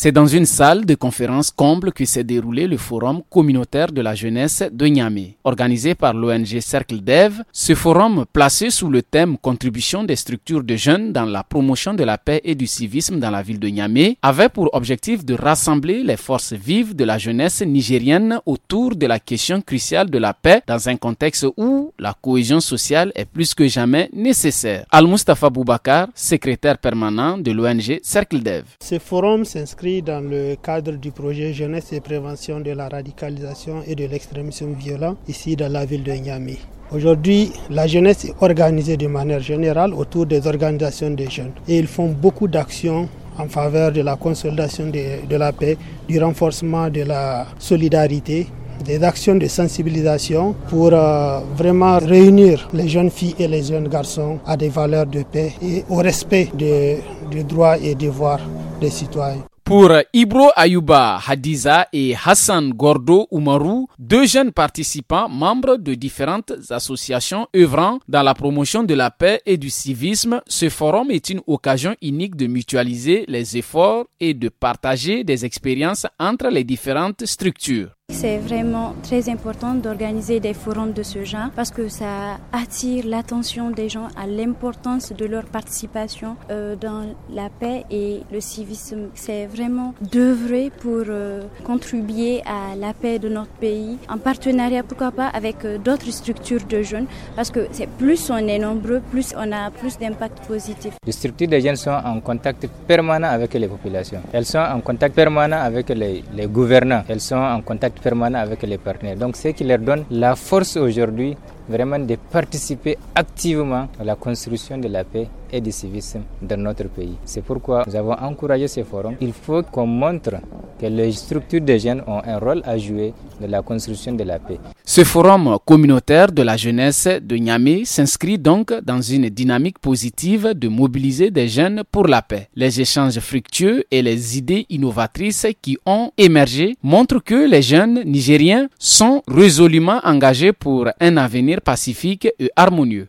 C'est dans une salle de conférence comble que s'est déroulé le forum communautaire de la jeunesse de Niamey. Organisé par l'ONG Cercle Dev. ce forum placé sous le thème Contribution des structures de jeunes dans la promotion de la paix et du civisme dans la ville de Niamey avait pour objectif de rassembler les forces vives de la jeunesse nigérienne autour de la question cruciale de la paix dans un contexte où la cohésion sociale est plus que jamais nécessaire. Al-Mustafa Boubakar, secrétaire permanent de l'ONG Cercle Dev. Ce forum s'inscrit dans le cadre du projet Jeunesse et prévention de la radicalisation et de l'extrémisme violent ici dans la ville de Niamey. Aujourd'hui, la jeunesse est organisée de manière générale autour des organisations des jeunes et ils font beaucoup d'actions en faveur de la consolidation de, la paix, du renforcement de la solidarité des actions de sensibilisation pour euh, vraiment réunir les jeunes filles et les jeunes garçons à des valeurs de paix et au respect des, des droits et devoirs des citoyens. Pour Ibro Ayuba Hadiza et Hassan Gordo Umaru, deux jeunes participants membres de différentes associations œuvrant dans la promotion de la paix et du civisme, ce forum est une occasion unique de mutualiser les efforts et de partager des expériences entre les différentes structures. C'est vraiment très important d'organiser des forums de ce genre parce que ça attire l'attention des gens à l'importance de leur participation euh, dans la paix et le civisme. C'est vraiment d'œuvrer pour euh, contribuer à la paix de notre pays en partenariat, pourquoi pas, avec euh, d'autres structures de jeunes parce que c'est plus on est nombreux, plus on a plus d'impact positif. Les structures de jeunes sont en contact permanent avec les populations. Elles sont en contact permanent avec les gouvernants. Elles sont en contact permanent avec les partenaires. Donc ce qui leur donne la force aujourd'hui vraiment de participer activement à la construction de la paix et du civisme dans notre pays. C'est pourquoi nous avons encouragé ce forum. Il faut qu'on montre que les structures des jeunes ont un rôle à jouer dans la construction de la paix. Ce forum communautaire de la jeunesse de Niamey s'inscrit donc dans une dynamique positive de mobiliser des jeunes pour la paix. Les échanges fructueux et les idées innovatrices qui ont émergé montrent que les jeunes nigériens sont résolument engagés pour un avenir pacifique et harmonieux.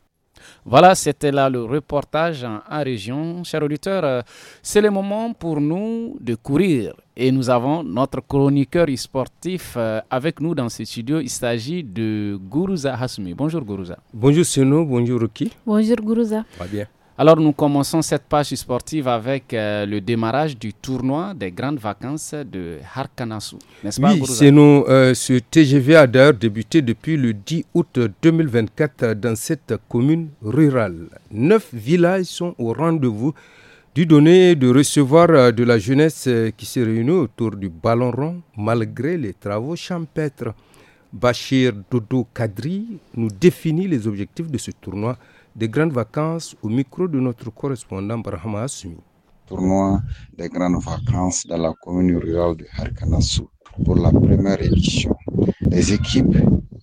Voilà, c'était là le reportage en, région. Chers auditeurs, euh, c'est le moment pour nous de courir. Et nous avons notre chroniqueur sportif euh, avec nous dans ce studio. Il s'agit de Gourouza Hasmi. Bonjour Gourouza. Bonjour Seno, bonjour Ruki. Bonjour Gourouza. Très bien. Alors nous commençons cette page sportive avec euh, le démarrage du tournoi des grandes vacances de Harkanasu, euh, ce c'est ce TGV a d'ailleurs débuté depuis le 10 août 2024 dans cette commune rurale. Neuf villages sont au rendez-vous du donner de recevoir euh, de la jeunesse qui s'est réunie autour du ballon rond malgré les travaux champêtres. Bachir Dodo Kadri nous définit les objectifs de ce tournoi des grandes vacances au micro de notre correspondant Brahma Asumi. Tournoi des grandes vacances dans la commune rurale de Harkanasu pour la première édition. Les équipes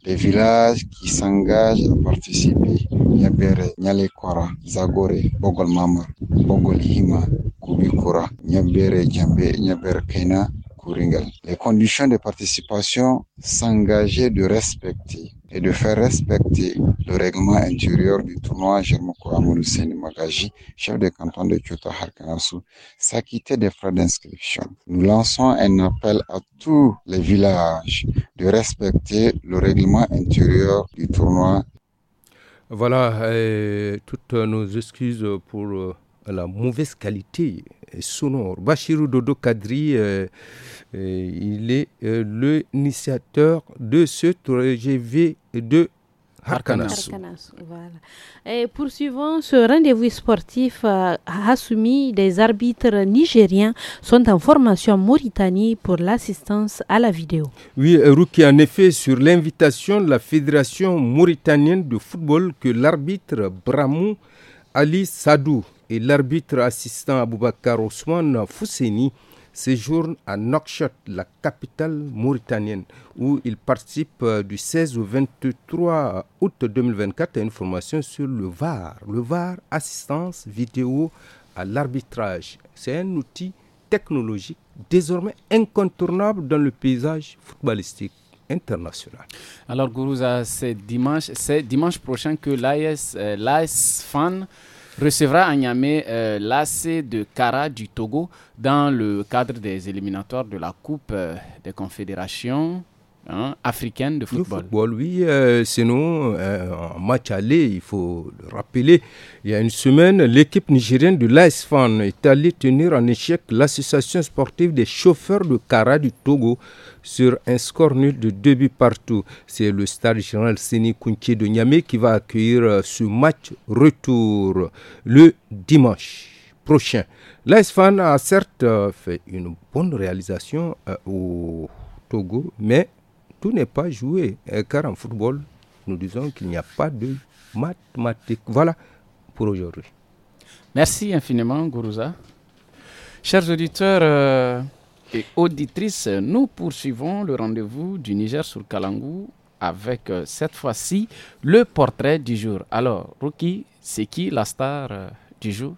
des villages qui s'engagent à participer, Nyabere, Nyalekora, Zagore, Bogol Mamar, Bogol Hima, Kubikura, Nyabere Nyabere Kena, les conditions de participation s'engageaient de respecter et de faire respecter le règlement intérieur du tournoi Germoko Amadou Magaji, chef de canton de Kyoto Harkanasu, s'acquitter des frais d'inscription. Nous lançons un appel à tous les villages de respecter le règlement intérieur du tournoi. Voilà, toutes nos excuses pour euh, la mauvaise qualité sonore. Bachirou Dodo Kadri, euh, il est euh, l'initiateur de ce 3GV de Harkanas. Et poursuivons ce rendez-vous sportif euh, Des arbitres nigériens sont en formation Mauritanie pour l'assistance à la vidéo. Oui, euh, Ruki, en effet, sur l'invitation de la Fédération mauritanienne de football que l'arbitre Bramou Ali Sadou et l'arbitre assistant Aboubakar Ousmane Fousseni séjourne à Nouakchott, la capitale mauritanienne, où il participe euh, du 16 au 23 août 2024 à une formation sur le VAR, le VAR assistance vidéo à l'arbitrage. C'est un outil technologique désormais incontournable dans le paysage footballistique international. Alors Gourouza, c'est dimanche, c'est dimanche prochain que l'AS, euh, l'AS Fan recevra Agname Niamey euh, de Kara du Togo dans le cadre des éliminatoires de la Coupe euh, des Confédérations Hein, africaine de football. oui. c'est euh, sinon, euh, en match aller, il faut le rappeler, il y a une semaine, l'équipe nigérienne de l'ASFAN est allée tenir en échec l'association sportive des chauffeurs de Cara du Togo sur un score nul de 2 buts partout. C'est le stade général Séné Kounché de Niamey qui va accueillir euh, ce match retour le dimanche prochain. L'ASFAN a certes fait une bonne réalisation au Togo, mais tout n'est pas joué. Eh, car en football, nous disons qu'il n'y a pas de mathématiques. Voilà pour aujourd'hui. Merci infiniment, Gourouza. Chers auditeurs euh, et auditrices, nous poursuivons le rendez-vous du Niger sur Kalangou avec euh, cette fois-ci le portrait du jour. Alors, Ruki, c'est qui la star euh, du jour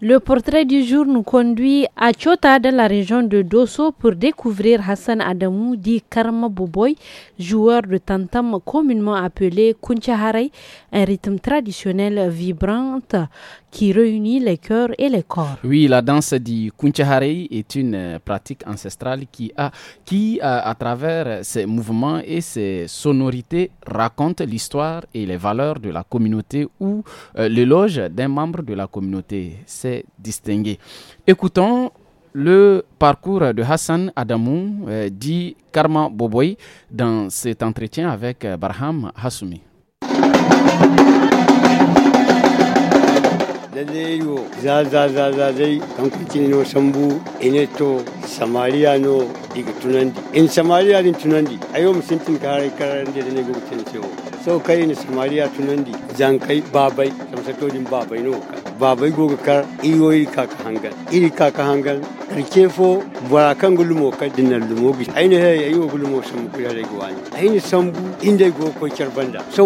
le portrait du jour nous conduit à Chota dans la région de Dosso pour découvrir Hassan Adamou dit Karma Boboy, joueur de tantam communément appelé Kunchaharei, un rythme traditionnel vibrante qui réunit les cœurs et les corps. Oui, la danse du Kunchaharei est une euh, pratique ancestrale qui, a, qui euh, à travers ses mouvements et ses sonorités, raconte l'histoire et les valeurs de la communauté ou euh, l'éloge d'un membre de la communauté c'est distingué. Écoutons le parcours de Hassan Adamou, dit Karma Boboy, dans cet entretien avec Barham Hassoumi. sau kai tunan di tunandi kai babai samsatodin babai no babai goga kar iri kaka hangal iri kaka hangal karke fo kan gulmo ka lumo bi aini he yi wa gulmo sun ku ya rage wani aini bu inda go ko banda so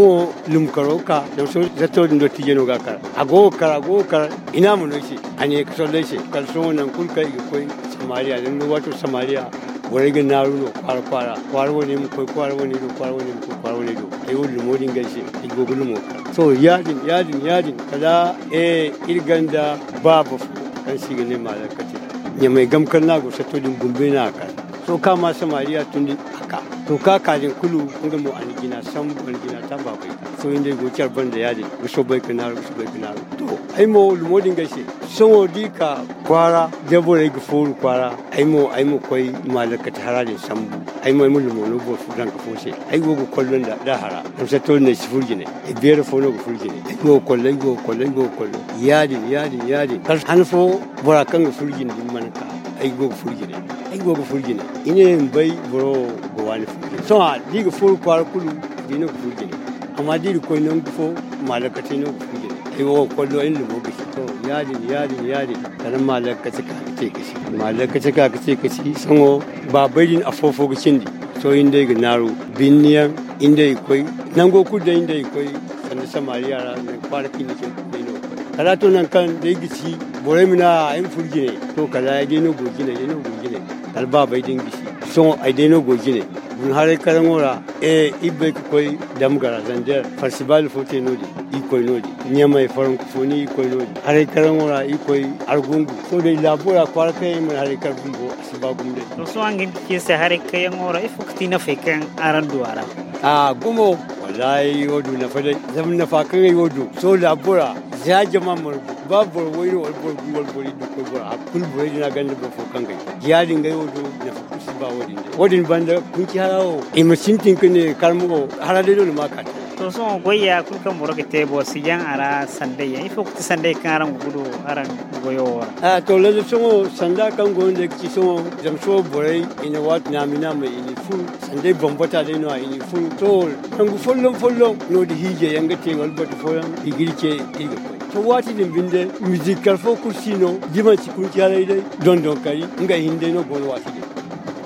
lumkaro ka da so zato din do tijeno ga kar ago kar ago kar ina mun shi ane ka so leshe kal so nan kulka ga koi samariya dan wato samariya na runo kwara kwara kwara wani mu kai kwara wani do kwara wani mu koy kwara wani do e wol mu din gaishe e gogul mu so yadin yadin yadin kala e eh, irganda babu kan shi sigine malakaci ne mai gamkan na go sato din gumbe na kan to kama samariya tundi haka to ka kalin kulu kunga mu an gina sam ban gina ta ba bai so inda go kyar ban da yaji so bai kana so bai kana to ai mo modin gashi so mo di ka kwara da bore ga furu kwara ai mo ai mo koi malaka ta harare sam ai mo mo lumono go furan ka fose ai go go kollon da da hara am sa to ne sifurgi ne e biere fo no go furgi ne go kollon go kollon go kollon yadi yadi yadi kar hanfo bora kan go ne man ka ai go furgi ne igo go fulgine ine mbay boro go wani fulgine so ha ah, diga ful kwar kulu dina go fulgine amma diri ko non fo malakati no go fulgine ai wo kollo in lumo gishi to yadi yadi yadi dan malakaci ka kace gishi malakaci ka kace gishi sanwo babarin afofo gishin di so inda ga naru binniyan inda ikoi nan go kudda inda ikoi sanda samari yara nan kwarakin ke dino karatu nan kan da yi gici bore mina a yin furgine to kaza ya dino go gine dino go gine alba bai din gisi son a dai no gogi ne mun hare karan ora e eh, ibe koi dam gara zander festival fote no di i koi no di nyama e forum foni i koi no di hare karan ora i koi argungu so dai labura kwar kai mun hare kar bumbo asbabum dai so k'i ke se hare kayan ora ifukti na fekan aran duwara a ah, gumo wallahi yodu na fada zam na fa kan yodu so l a b o r a ya jama mur ba bor wai wal bor w o l bor du ko bor akul bor na ganda ba fo kan k a i ya dinga yodu na fa kusi ba wodin wodin banda kun ki harawo e masintin kane k a l m o harade do l ma kata to so goyya kul kan boroke tebo sijan ara sande ya ifo kuti sande kan aran gudu aran goyo wara a to le so sanda kan go de ki so jam so borai ina wat na mina mai ini fu sande bombota de no ini fu to kan gu follon follon no di hije yanga te wal bot fo yam igirke igo to wati din binde musical fo kursino jima ci kun kyalai dai don don kari nga hinde no gon wati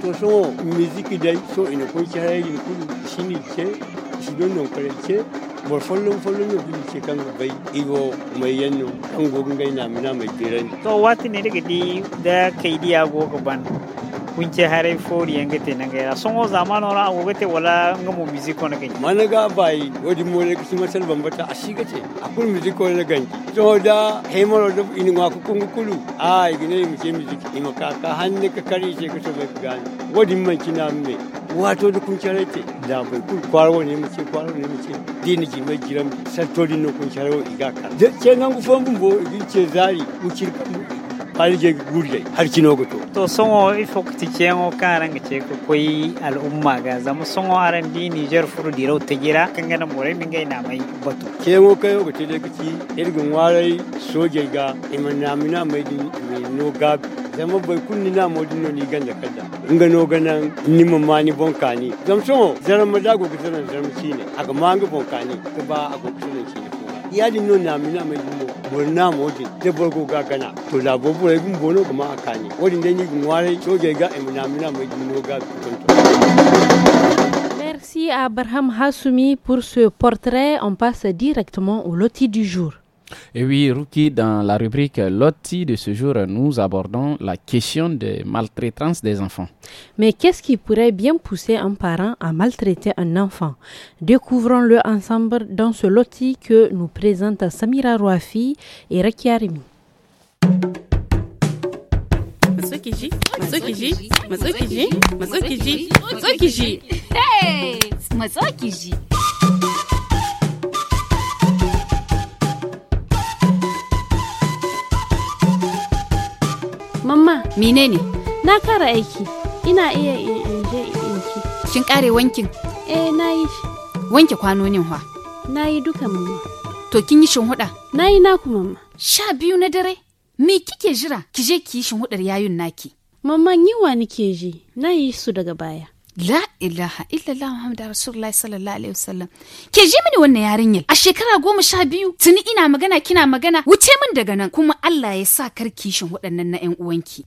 to so music dai so ina kun kyalai ni kudu shini ke kilonno karke bor follon follon yo kuli ce kan bai igo mai yanno kan gogun gaina mina mai birani to wati ne daga di da kai diya go gaban kunce harai fori yanga te nan gaira sun wa zama na wani agogo te wala nga mu music kone gani mana ga bai wadi mu ne kusa masal bambata a shi gace a kun music kone na gani to da haimar wadda ina ma kukun kulu a gine mu ce music ima ka ka hannu ka kare ce ka so bai gani wadi man kina me wato da kun kare te da bai kun kwaro ne mu ce kwaro ne mu ce dini ji mai jiran sattori ne kun kare wa iga ka da ce nan ku fambun bo ce zari mu kirkan kalje gurje har kino goto to songo il faut que ti cengo karang ce ko al al'umma ga zama songo aran di Niger furu di rauta gira kanga na more min gaina mai batu cengo kai ko te lokaci irgin er warai soje ga imanna e mina mai di no gab zama bai kunni na modin no ni ganda kada nga no ganan ni mamani bonkani zamso zaran madago gidan zaran shine aga bonka bonkani ba aga kusunan ko iyalin no na mina mai di bonna modi de borgo gagana kana to la bo bo ibun bono kuma akani wodi ndeni gumware toge ga emina mina mai dinoga ga Merci à Abraham Hassoumi pour ce portrait. On passe directement au loti du jour. Et oui, Ruki, dans la rubrique Lotti de ce jour, nous abordons la question des maltraitances des enfants. Mais qu'est-ce qui pourrait bien pousser un parent à maltraiter un enfant Découvrons-le ensemble dans ce Lotti que nous présentent Samira Rouafi et Rekia Kiji, Hey Mamma, menene? Na kara aiki. Ina iya in je in Kin kare wankin? Eh, na yi Wanke kwanonin hwa? Na yi duka mamma. To kin yi shinhuda? Na yi naku mamma. Sha biyu na dare? Me kike jira? Ki je ki yi shinhudar yayun naki. mamma yiwa nike ji. Na yi su daga baya. la ilaha illallah muhammadu rasulullahi sallallahu alaihi wasallam ke ji mini wannan yarinyar a shekara goma sha biyu tuni ina magana kina magana wuce min daga nan kuma Allah ya sa kar kishin waɗannan na ƴan uwanki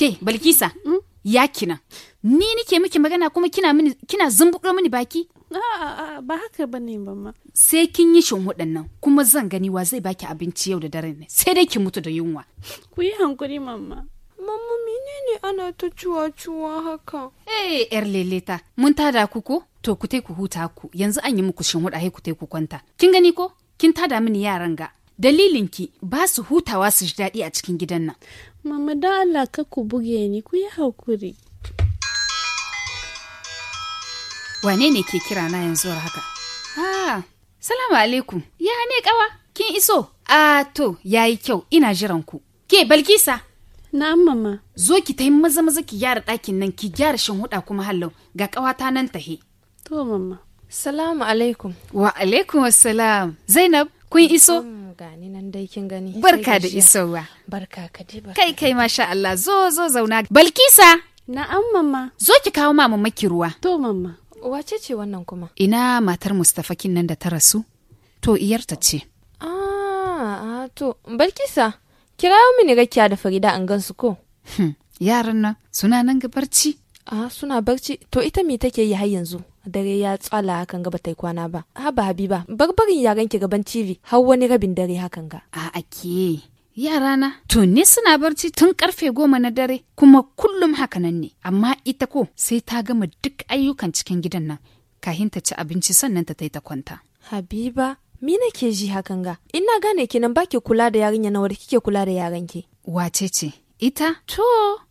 ke balkisa hmm? ya kina ni nike miki magana kuma kina mini kina zumbuɗo mini baki A'a ba haka ba ne ba ma. Sai kin yi shin waɗannan kuma zan gani wa zai baki abinci yau da dare ne sai dai ki mutu da yunwa. Ku yi hankuri mamma. menene ana ta cuwa-cuwa haka? Eh, hey, yar leleta, mun tada ku ko? To ku ku huta ku, yanzu an yi muku shinwuɗa ku ku kwanta. Kin gani ko? Kin tada mini yaran ga. Dalilinki ba su hutawa su ji daɗi a cikin gidan nan. Mama da Allah ka ku buge ni ku yi hakuri. Wane ne ke kira na yanzu haka? Ah, salamu alaikum. Ya ne kawa? Kin iso? Ah, to, yayi kyau, ina jiran ku. Ke Balkisa, Na'am mama. Zo ki ta maza maza ki gyara ɗakin nan ki gyara shan huɗa kuma hallau ga ƙawata nan ta he. To mama. Salamu alaikum. Wa alaikum assalam. Zainab kun iso? Mm, gani nan dai kin gani. Barka da isowa. Barka ka dai barka. Kai kai masha Allah zo zo zauna. Balkisa. Na'am mama. Zo ki kawo mama maki ruwa. To mama. Wace ce wannan kuma? Ina matar Mustapha kin nan da ta rasu? To iyarta ce. Ah, ah to Balkisa. Kirawo mini rakiya da Farida an gansu ko? Hmm, yaran nan suna nan ga barci. Ah, suna barci. To ita me take yi har yanzu? Dare ya tsala hakan ga bata kwana ba. Haba Habiba, barbarin yaran ki gaban TV har wani rabin dare hakan ga. A ake. Yarana, to ni suna barci tun karfe goma na dare kuma kullum hakanan ne, amma ita ko sai ta gama duk ayyukan cikin gidan nan, kahin ta ci abinci sannan ta ta kwanta. Habiba, Me ke ji hakan ga? Ina gane nan baki kula da yarinya na wadda kike kula da yaranki. Wace ce? Ita? To,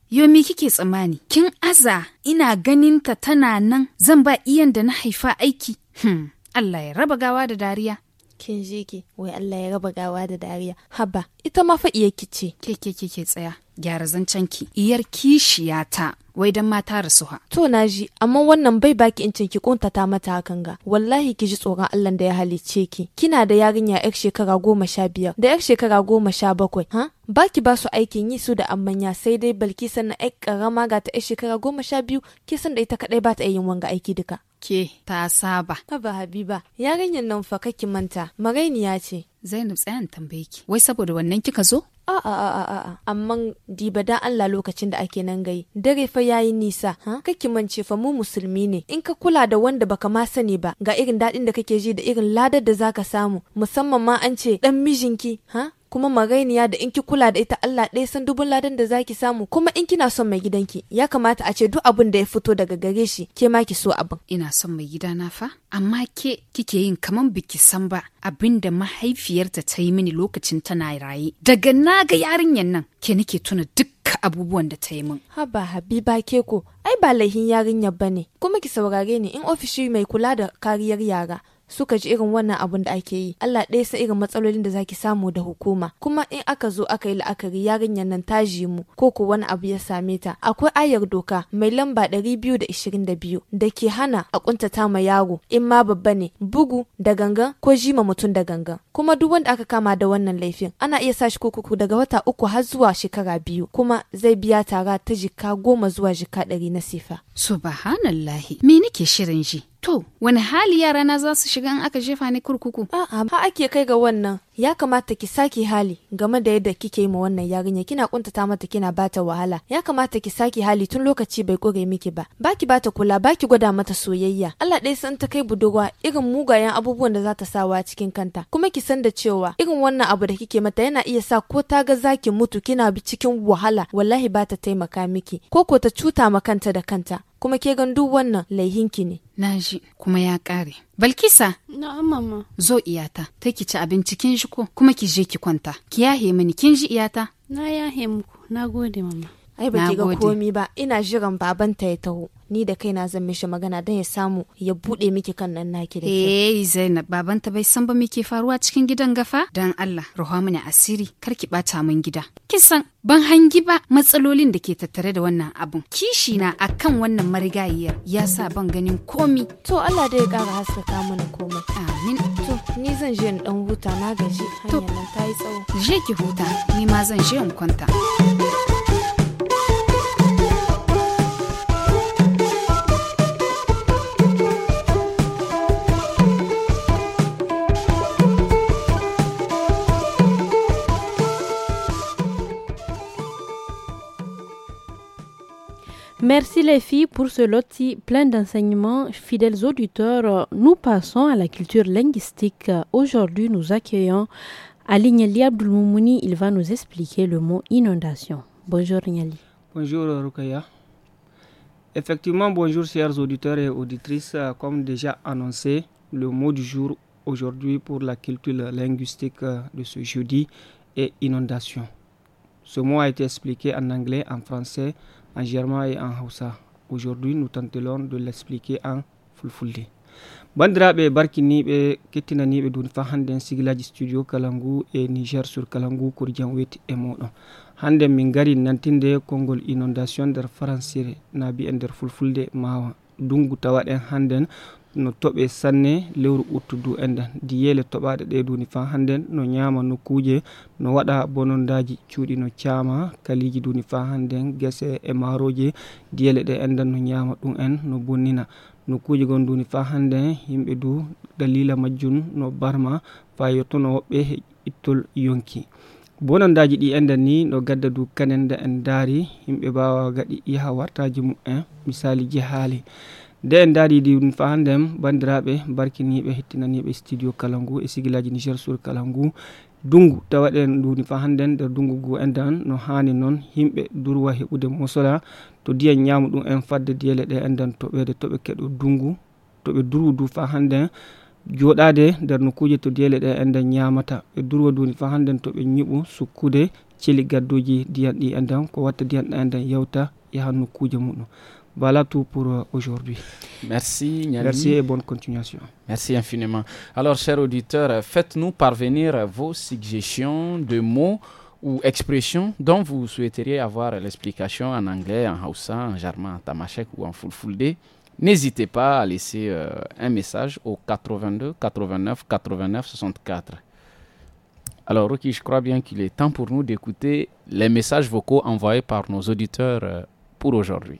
Yomi kike tsammani, kin aza ina ganin ganinta tana nan zan ba iyan da na haifa aiki. Hmm, Allah ya raba gawa da dariya. kin je ki wai Allah ya raba gawa da dariya haba ita ma fa ki ce ke ke ke ke tsaya gyara zancen ki iyar kishiyata wai dan mata rasuha to na ji amma wannan bai baki in cin ki kuntata mata hakan ga wallahi ki ji tsoron Allah da ya halicce ki kina da yarinya yar shekara goma sha biyar da yar shekara goma sha bakwai ha baki ba su aikin yi su da amanya sai dai balki sannan yar karama ga ta yar shekara goma sha biyu ki san da ita kadai ba ta yin wanga aiki duka ke ta saba. Haba Habiba, yarinyar nan fa kake manta, magainiya ce. Zainab tsayan tambaye ki, wai saboda wannan kika zo? A'a a'a a amma diba da Allah lokacin da ake nan gai dare fa yayi nisa ha kake mance fa mu musulmi ne in ka kula da wanda baka ma sani ba ga irin daɗin da kake ji da irin ladar da zaka samu musamman ma an ce ɗan mijinki ha kuma magainiya da in ki kula da ita Allah ɗaya san dubun ladan da zaki samu kuma in kina son mai gidanki ya kamata a ce duk abin da ya fito daga gare shi ke ma ki so abin ina son mai gida na fa amma ke kike yin kaman biki san ba abin da mahaifiyarta ta yi mini lokacin tana raye daga na ga yarinyar nan ke nake tuna duk abubuwan da ta yi min haba habiba ke ko ai ba laihin yarinyar ne. kuma ki saurare ni in ofishi mai kula da kariyar yara suka ji irin wannan abun da ake yi Allah ɗaya san irin matsalolin da zaki samu da hukuma kuma in aka zo aka yi la'akari yarinyar nan ta ji mu ko ko wani abu ya same ta akwai ayar doka mai lamba ɗari 222 da da biyu ke hana a kuntata ma yaro in ma babba ne bugu da gangan ko jima mutum da gangan kuma duk wanda aka kama da wannan laifin ana iya sa shi kurkuku daga wata uku har zuwa shekara biyu kuma zai biya tara ta jika goma zuwa jika ɗari na sifa subhanallahi me nake shirin ji To, wani hali yara na za su shiga in aka jefa ni kurkuku? A'a, ha ake kai ga wannan. Ya kamata ki sake hali game da yadda kike yi ma wannan yarinya kina kuntata mata kina bata wahala. Ya kamata ki sake hali tun lokaci bai kore miki ba. Baki bata kula, baki gwada mata soyayya. Allah ɗaya san ta kai budurwa irin mugayen abubuwan da za ta sawa cikin kanta. Kuma ki san da cewa irin wannan abu da kike mata yana iya sa ko ta ga zaki mutu kina bi cikin wahala, wallahi bata taimaka miki. Ko ko ta cuta ma kanta da kanta. kuma ke gan duk wannan laihinki ne. Na ji kuma ya kare. Balkisa. Na mama. Zo iyata, ta ki ci abinci kin shi ko kuma ki je ki kwanta. Ki yahe mini kin ji iyata? Na yahe muku, na gode mama. ai ba ki ga komi ba ina jiran babanta ya taho ni da kaina zan mishi magana don ya samu ya bude miki kan nan naki da eh Zainab babanta bai san ba miki faruwa cikin gidan gafa dan Allah ruha mini asiri kar ki bata mun gida kin san ban hangi ba matsalolin da ke tattare da wannan abun kishi na akan wannan marigayiyar ya sa ban ganin komi to Allah dai ya kara haskaka mana komai amin to ni zan je in dan huta na gaji hanyar nan ta yi tsawo je ki huta ni ma zan je in kwanta Merci les filles pour ce loti plein d'enseignements. Fidèles auditeurs, nous passons à la culture linguistique. Aujourd'hui, nous accueillons Ali Niali Abdulmoumouni. Il va nous expliquer le mot inondation. Bonjour Niali. Bonjour Rukaya. Effectivement, bonjour chers auditeurs et auditrices. Comme déjà annoncé, le mot du jour aujourd'hui pour la culture linguistique de ce jeudi est inondation. Ce mot a été expliqué en anglais, en français, en germain et en hausa aujourd'hui nous tenterons de l'expliquer en fulfulde barkini barkiniɓe kettinaniɓe dun fa hande sigilaji studio kalangu et niger sur kalangu kurjan weti e Mono. hande min gari nantinde kongol inondation der France nabi en der fulfulde ma dungu tawaden hande. no toɓe sanne lewru uttu du enɗen di yeele toɓaɗe ɗe duni fa hannden no ñaama nokkuje no waɗa bonondaji cuuɗi no caama kaliji duni fa hannden guese e maaroje di yeele ɗe enɗen no ñaama ɗum en no bonnina nokkuji gon duni fa hannde yimɓe du dalila majjum no barma fa yettono woɓɓe e ittol yonki bonandaji ɗi enɗen ni no gadda du kanenda en daari yimɓe mbawa gaɗi yaha wartaji mum en misali jehaali nde en daaɗiɗi ɗum fa handem bandiraɓe barkiniɓe hettinaniɓe studio kala ngu e sigilaji niger sur kala ngu dungu tawaɗen duni fa handen nder dungu ngu en dan no hani noon yimɓe durwa heɓude mosola to diyen ñaamu ɗum en fadde diyele ɗe en dan toɓede toɓe keɗo dungu toɓe durwu du fa handen joɗade nder no kuuje to diyele ɗe en dan ñamata ɓe durwa duni fa handen toɓe ñiɓu sukkude cili gadduji diyan ɗi en dan ko watta diyan ɗa en dan yewta yahan no kuuje muɗum Voilà tout pour euh, aujourd'hui. Merci, Merci et bonne continuation. Merci infiniment. Alors, chers auditeurs, faites-nous parvenir vos suggestions de mots ou expressions dont vous souhaiteriez avoir l'explication en anglais, en haoussa, en germain, en tamashek ou en fulfulde. N'hésitez pas à laisser euh, un message au 82 89 89 64. Alors, Rocky, je crois bien qu'il est temps pour nous d'écouter les messages vocaux envoyés par nos auditeurs euh, pour aujourd'hui.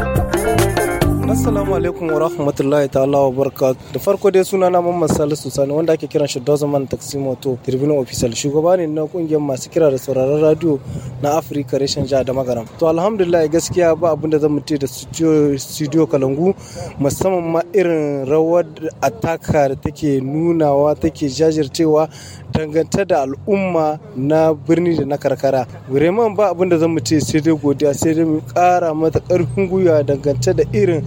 Assalamu alaikum wa rahmatullahi ta'ala wa barka. Da farko dai suna na Mamman Salisu Sani wanda ake kiran shi Dozaman Taxi Moto Tribune Official shugaba ne na kungiyar masu kira da sauraron radio na Africa Rashin Jihar da Magaram. To alhamdulillah gaskiya ba abin da zan mutu da studio Kalangu musamman ma irin rawar ataka da take nunawa take jajircewa danganta da al'umma na birni da na karkara. Gureman ba abin da zan mutu sai dai godiya sai dai mu kara mata karfin gwiwa dangantar da irin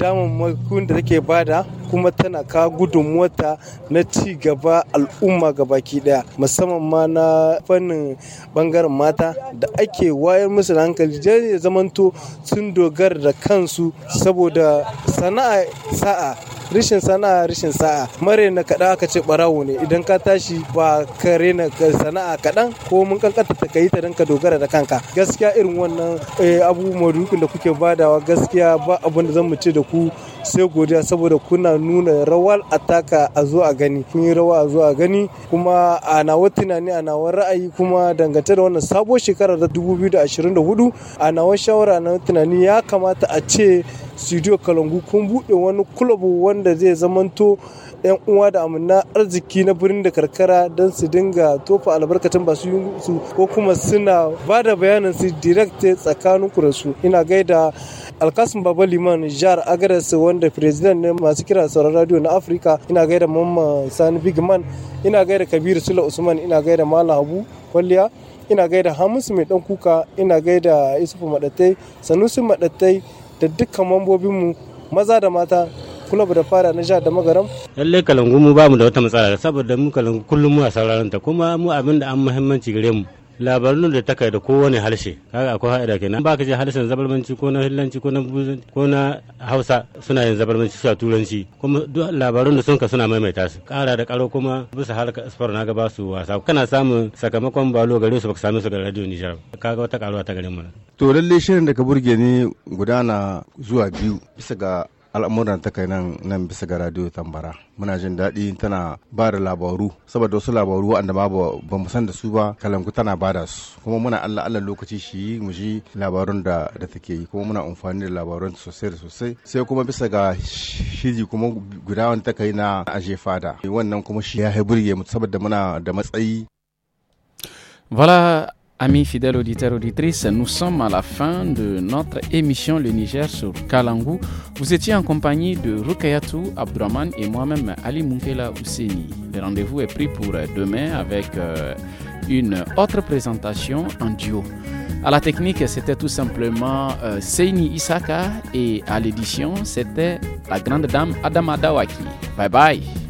damammakin da take bada kuma tana ka mota na ci gaba al'umma ga baki daya musamman ma na fannin bangaren mata da ake wayar musu da hankali jan ya zamanto sun dogara da kansu saboda sana'a sa'a rishin sana'a rishin sa'a mare na kaɗa aka ce ɓarawo ne idan ka tashi ba ka rena sana'a kaɗan ko mun kankanta ta kayi ta don ka dogara da kanka gaskiya irin wannan eh, abubuwan da kuke badawa gaskiya ba abin da zan mu ce da ku sai godiya saboda kuna nuna rawar ataka a zo a gani kun yi rawa a zo a gani kuma a nawa tunani a nawa ra'ayi kuma dangance da wannan sabuwar shekarar da 2024 a nawa shawara na tunani ya kamata a ce studio kalangu kun buɗe wani kulob wanda zai zamanto 'yan uwa da amina arziki na birnin da karkara don su dinga tofa albarkatun ba su su ko kuma suna ba da bayanin su direct tsakanin ku da su ina gaida alkasim baba liman jihar agadas wanda president ne masu kira sauran radio na afirka ina gaida mamman sani bigman ina gaida kabiru sula usman ina gaida malam habu kwalliya ina gaida hamisu mai dan kuka ina gaida isufu madatai sanusi madatai da dukkan mambobinmu maza da mata kulab da fara na jihar da magaram lalle kalangu mu ba mu da wata matsala saboda mu kalangu kullum mu a sauraron ta kuma mu abin da an muhimmanci gare mu labarin da kai da kowane harshe kaga akwai haɗa kenan ba ka je harshen zabarmanci ko na hillanci ko na ko na hausa suna yin zabarmanci suna turanci kuma duk labarun da ka suna maimaita su ƙara da ƙaro kuma bisa harkar sport na gaba su wasa kana samun sakamakon balo gare su baka same su ga radio Nijar kaga wata ƙaruwa ta garin mu to lalle shirin da ka burge ni gudana zuwa biyu bisa ga al'amuran ta kai nan nan bisa ga radio tambara muna jin daɗi tana ba da labaru saboda wasu labaru wanda ma ba mu san da su ba kalanku tana ba da su kuma muna allah allah lokaci shi mu ji labarun da da take yi kuma muna amfani da labarun sosai da sosai sai kuma bisa ga shiri kuma guda wani ta kai na aje fada wannan kuma shi ya haiburge mu saboda muna da matsayi Vala Amis fidèles auditeurs auditrices, nous sommes à la fin de notre émission Le Niger sur Kalangu. Vous étiez en compagnie de Rukayatu Abdraman et moi-même Ali Munkela Ouseni. Le rendez-vous est pris pour demain avec euh, une autre présentation en duo. À la technique, c'était tout simplement euh, Seini Isaka et à l'édition, c'était la grande dame Adama Dawaki. Bye bye.